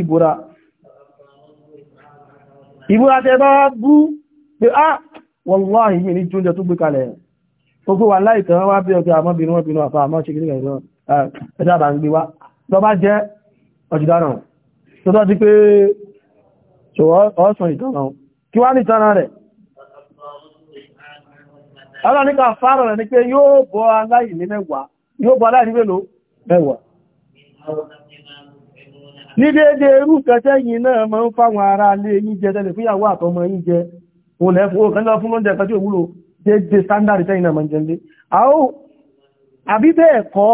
ah, ní jóúnjẹ tó gbé kalẹ̀ gbogbo wà láìtàn wá bí ọjọ́ àmọ́bìnrin wọn àmọ́ ṣe kìí ẹ̀dá bá ń gbé wá lọ bá jẹ́ ọ̀jùdáràn tó tọ́ ti pé ọ̀sán ìtànràn kí wá ní ìtànràn rẹ̀ ọ̀rọ̀ nípa fàárọ̀ rẹ̀ ni pé yóò bọ́ aláìní mẹ́wàá yóò bọ́ aláìní mélòó mẹ́wàá ní déédé irú kẹtẹ́ yìí náà ma ń fáwọn ará alé yìí jẹ tẹ́lẹ̀ fíyàwó àtọmọ yìí jẹ òun lẹ́fún ó kẹ́lọ fún lóúnjẹ kẹtí òwúlò déédé sándàrí tẹ́yìn náà ma ń jẹ lé àbí bẹ́ẹ̀ kọ́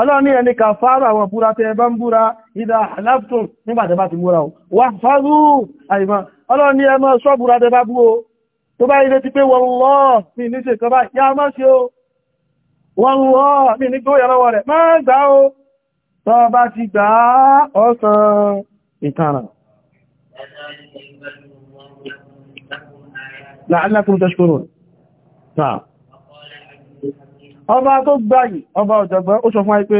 ọlọ́ni ẹni kà fara àwọn búra tẹ bá ń búra ìdá àláftùn nígbàtẹ̀ bá ti múra o wà fárú àìmá ọlọ́ni ẹmọ sọ́bùra tẹ bá bú o tó bá ilé ti pé wọ́n lọ́ mi ní ṣe kọba yá má ṣe o wọ́n lọ́ mi ní gbó yàrá rẹ̀ má gbá o tọ́ bá ti gbá ọ̀sán ìtànà la'allakum tashkurun Tá. ọba tó gbáyì ọba ọ̀jọ̀gbọ́n ó sọ fún àìpé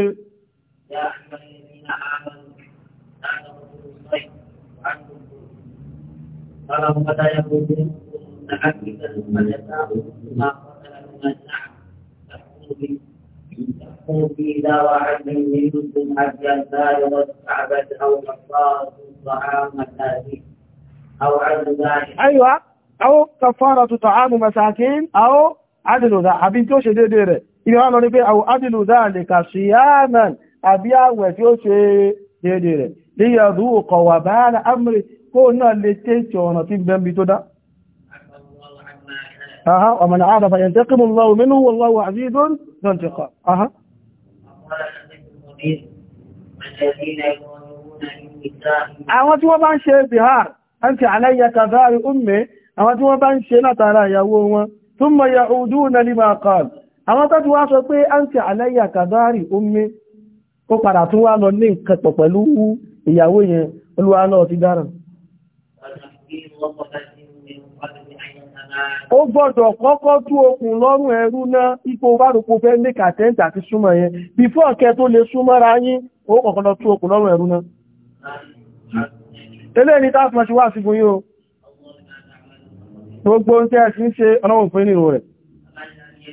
أيوة أو كفارة طعام مساكين أو عدل ذا عبين توشي دي دي ري ibi wá lọ ní pé àwọn adìlú dáàlẹ̀kà síyáàmàn àbí àwẹ̀ tí ó ṣe dédé rẹ̀ léyàrú ọkọ̀wà bára amúrí kó náà lè tẹ́ẹ̀tì ọ̀nà tí bẹ́m̀bí tó dá ọmọdé àdàfà yẹn tẹ́kì mú lọ́wọ́ mínú wọ́wọ́ àzídún náà ti kọ́ àwọn tí wọ́n bá ń ṣe bihar an ti aláyẹ kàzáàrí umme àwọn tí wọ́n bá ń ṣe látara ìyàwó wọn tún mọ̀ yà ọdún na lima kọ́ọ̀lù àwọn tó ti wá sọ pé àǹtí aláyà kàdárì omi ó padà tún wá lọ ní nǹkan pọ̀ pẹ̀lú ìyàwó yẹn olúwa náà ti dáràn ó gbọ́dọ̀ kọ́kọ́ tú okùn lọ́rùn ẹrú náà ipò bárùkú fẹ́ ní kàtẹ́ǹtì àti súnmọ́ yẹn bífọ́ ọ̀kẹ́ tó lè súnmọ́ra yín ó kọ̀kọ́lọ tú okùn lọ́rùn ẹrú náà ilé ní táàfì sí fún yín gbogbo ń ẹ̀sìn ṣe ọlọ́run fún nínú rẹ̀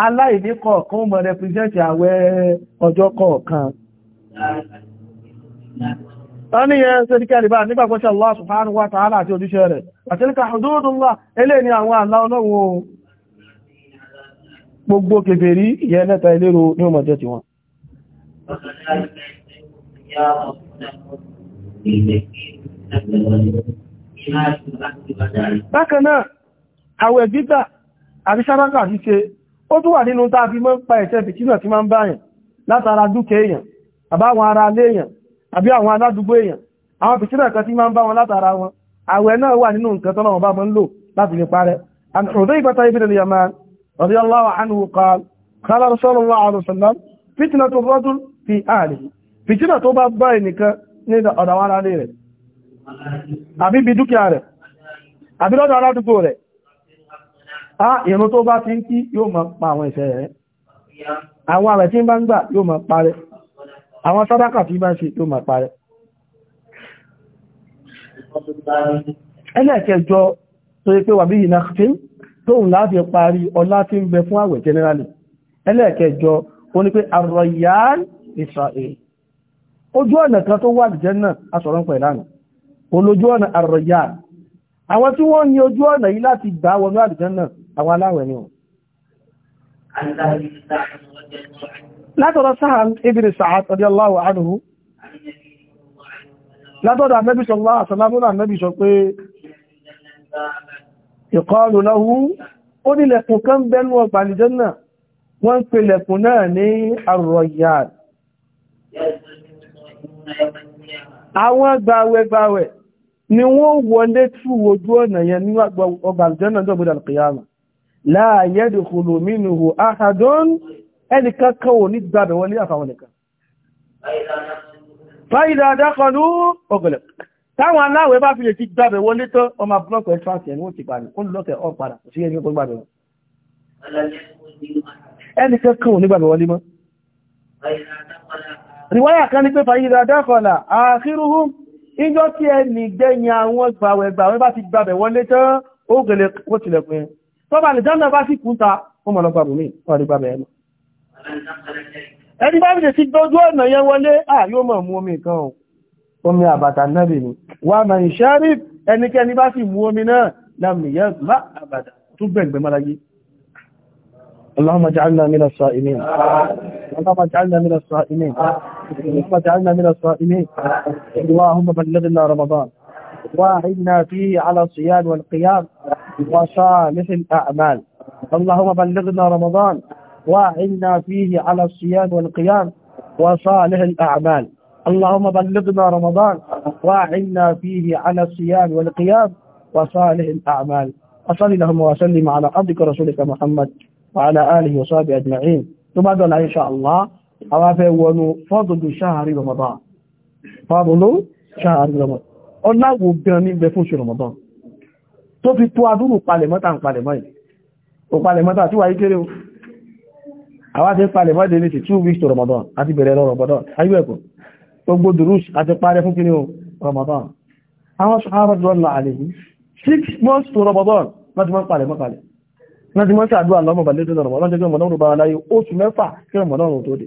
aláìní kọ̀ọ̀kan mọ̀ rẹpìsẹ́ntì àwẹ́ ọjọ́ kọ̀ọ̀kan tani yẹ sẹ́díkẹ́ rìbá nígbàgbọ́sẹ̀ Allah subhanahu wa ta'ala àti ojúṣe rẹ̀ àtílíkà hududullah gbogbo bákanáà àwẹ̀ gbígbà ó tún wà nínú fi mọ́ pa ẹ̀ṣẹ̀ fìtínà tí máa ń báyàn látara èèyàn ara alé èèyàn àbí àwọn aládùúgbò èèyàn àwọn fìtínà kan tí máa ń bá wọn látara wọn àwẹ̀ náà wà nínú nǹkan tọ́lọ́wọ́n bá mọ́ ń lò láti lè parẹ́ عن حذيفة بن اليمان رضي الله عنه قال ìrún tó bá fi ń kí yóò máa pa àwọn ẹ̀ṣẹ̀ rẹ̀ àwọn àwẹ̀ tí ń bá ń gbà yóò máa parẹ́ àwọn sàdákà tí bá ń ṣe yóò máa parẹ́ ẹlẹ́ẹ̀kẹjọ tó yẹ pé wà bí ìná tí tóun láti parí ọlá tí ń bẹ fún àwẹ̀ generally ẹlẹ́ẹ̀kẹjọ ó ní pé arọ̀yán Israel ojú ọ̀nà kan tó wà jẹ́ náà asọ̀rọ̀ pẹ̀lánà olójú ọ̀nà arọ̀yán àwọn tí wọ́n ní ojú ọ̀nà yìí láti gbà wọnú àdìjẹ́ náà àwọn aláwẹ̀ ni ọ̀. látọ̀dọ̀ sáhàn ibn sa'ad radiyallahu anhu látọ̀dọ̀ annabi sallallahu alaihi wasallam annabi sọ pé yuqalu lahu ó ní lẹ̀kùn kan bẹ́nu ọgbà àlìjẹ́nà wọ́n ń pè lẹ̀kùn náà ní ar-rayyan àwọn gbàwẹ̀gbàwẹ̀ ni wọ́n wọlé tú ojú ọ̀nà yẹn ní ọgbà àlìjẹ́nà jọ́gbọ́dà al la yadkhulu minhu ahadun ẹnìkan kan ò ní gbàbẹ̀ wọlé àfàwọn nìkan fàídà dákọlú ọgbẹ̀lẹ̀ táwọn aláwẹ̀ bá fi lè ti gbàbẹ̀ wọlé tán ọmọ blọ́kù ẹ̀trans ẹ̀ ní ó ti pàdé ó lọ́kẹ̀ ọ padà sí ẹni tó gbàbẹ̀ wọn ẹnìkan kan ò ní gbàbẹ̀ wọlé mọ́ ríwáyà kan kó tilẹ̀kùn tó bá lè jọ́nà bá sì kúta ó mọ̀ lọ́gbà bùnmí ọ̀rẹ́gbà bẹ̀ẹ́nu ẹni bá bìí sí dojú ọ̀nà yẹn wọlé àyó mọ̀ mú omi kan omi àbàtà náàbì ni wà mọ̀ ìṣẹ́rí ẹnikẹ́ni bá sì mú omi náà اللهم اجعلنا من الصائمين اللهم اجعلنا من الصائمين اللهم اجعلنا من الصائمين اللهم بلغنا رمضان واعنا فيه على الصيام والقيام وصالح الأعمال اللهم بلغنا رمضان واعنا فيه على الصيام والقيام وصالح الأعمال اللهم بلغنا رمضان واعنا فيه على الصيام والقيام وصالح الأعمال أصلي لهم وأسلم على عبدك رسولك محمد وعلى آله وصحبه أجمعين ثم أدعنا إن شاء الله أوافي ونفضل شهر رمضان فضل شهر رمضان ọláwò gan ní ibẹ̀ fún ṣùrọ̀ mọ̀tán tó fi tó adúrù palẹ̀mọ́ta ń palẹ̀mọ́ yìí o palẹ̀mọ́ta tí wà yí kéré o àwa ti palẹ̀mọ́ dé nítì two weeks to Ramadan àti bẹ̀rẹ̀ lọ Ramadan ayú ẹ̀kọ́ gbogbo durush àti parẹ́ fún kí ni o Ramadan àwọn sọ́hárọ̀ dọ́là àlèyí six months to Ramadan láti mọ́ palẹ̀mọ́ kalẹ̀ láti mọ́ sàdúrà lọ́mọ̀ balẹ̀ tó lọ́rọ̀ lọ́jọ́ mọ̀ náà rọ̀ bá aláyé oṣù mẹ́fà kí Ramadan tó dé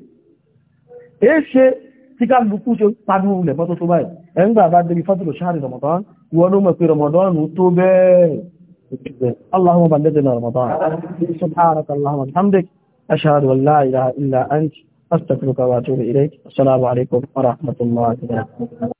tí ká lùkú ṣe pàdé ilẹ̀ mọ́ tó tó báyìí ẹ̀ngbà bá débi fọ́tùlù ṣáàrì ramadan wọ́n ló mọ̀ pé ramadan tó bẹ́ẹ̀ allahumma ballighna ramadan illa anta astaghfiruka wa atubu ilayk assalamu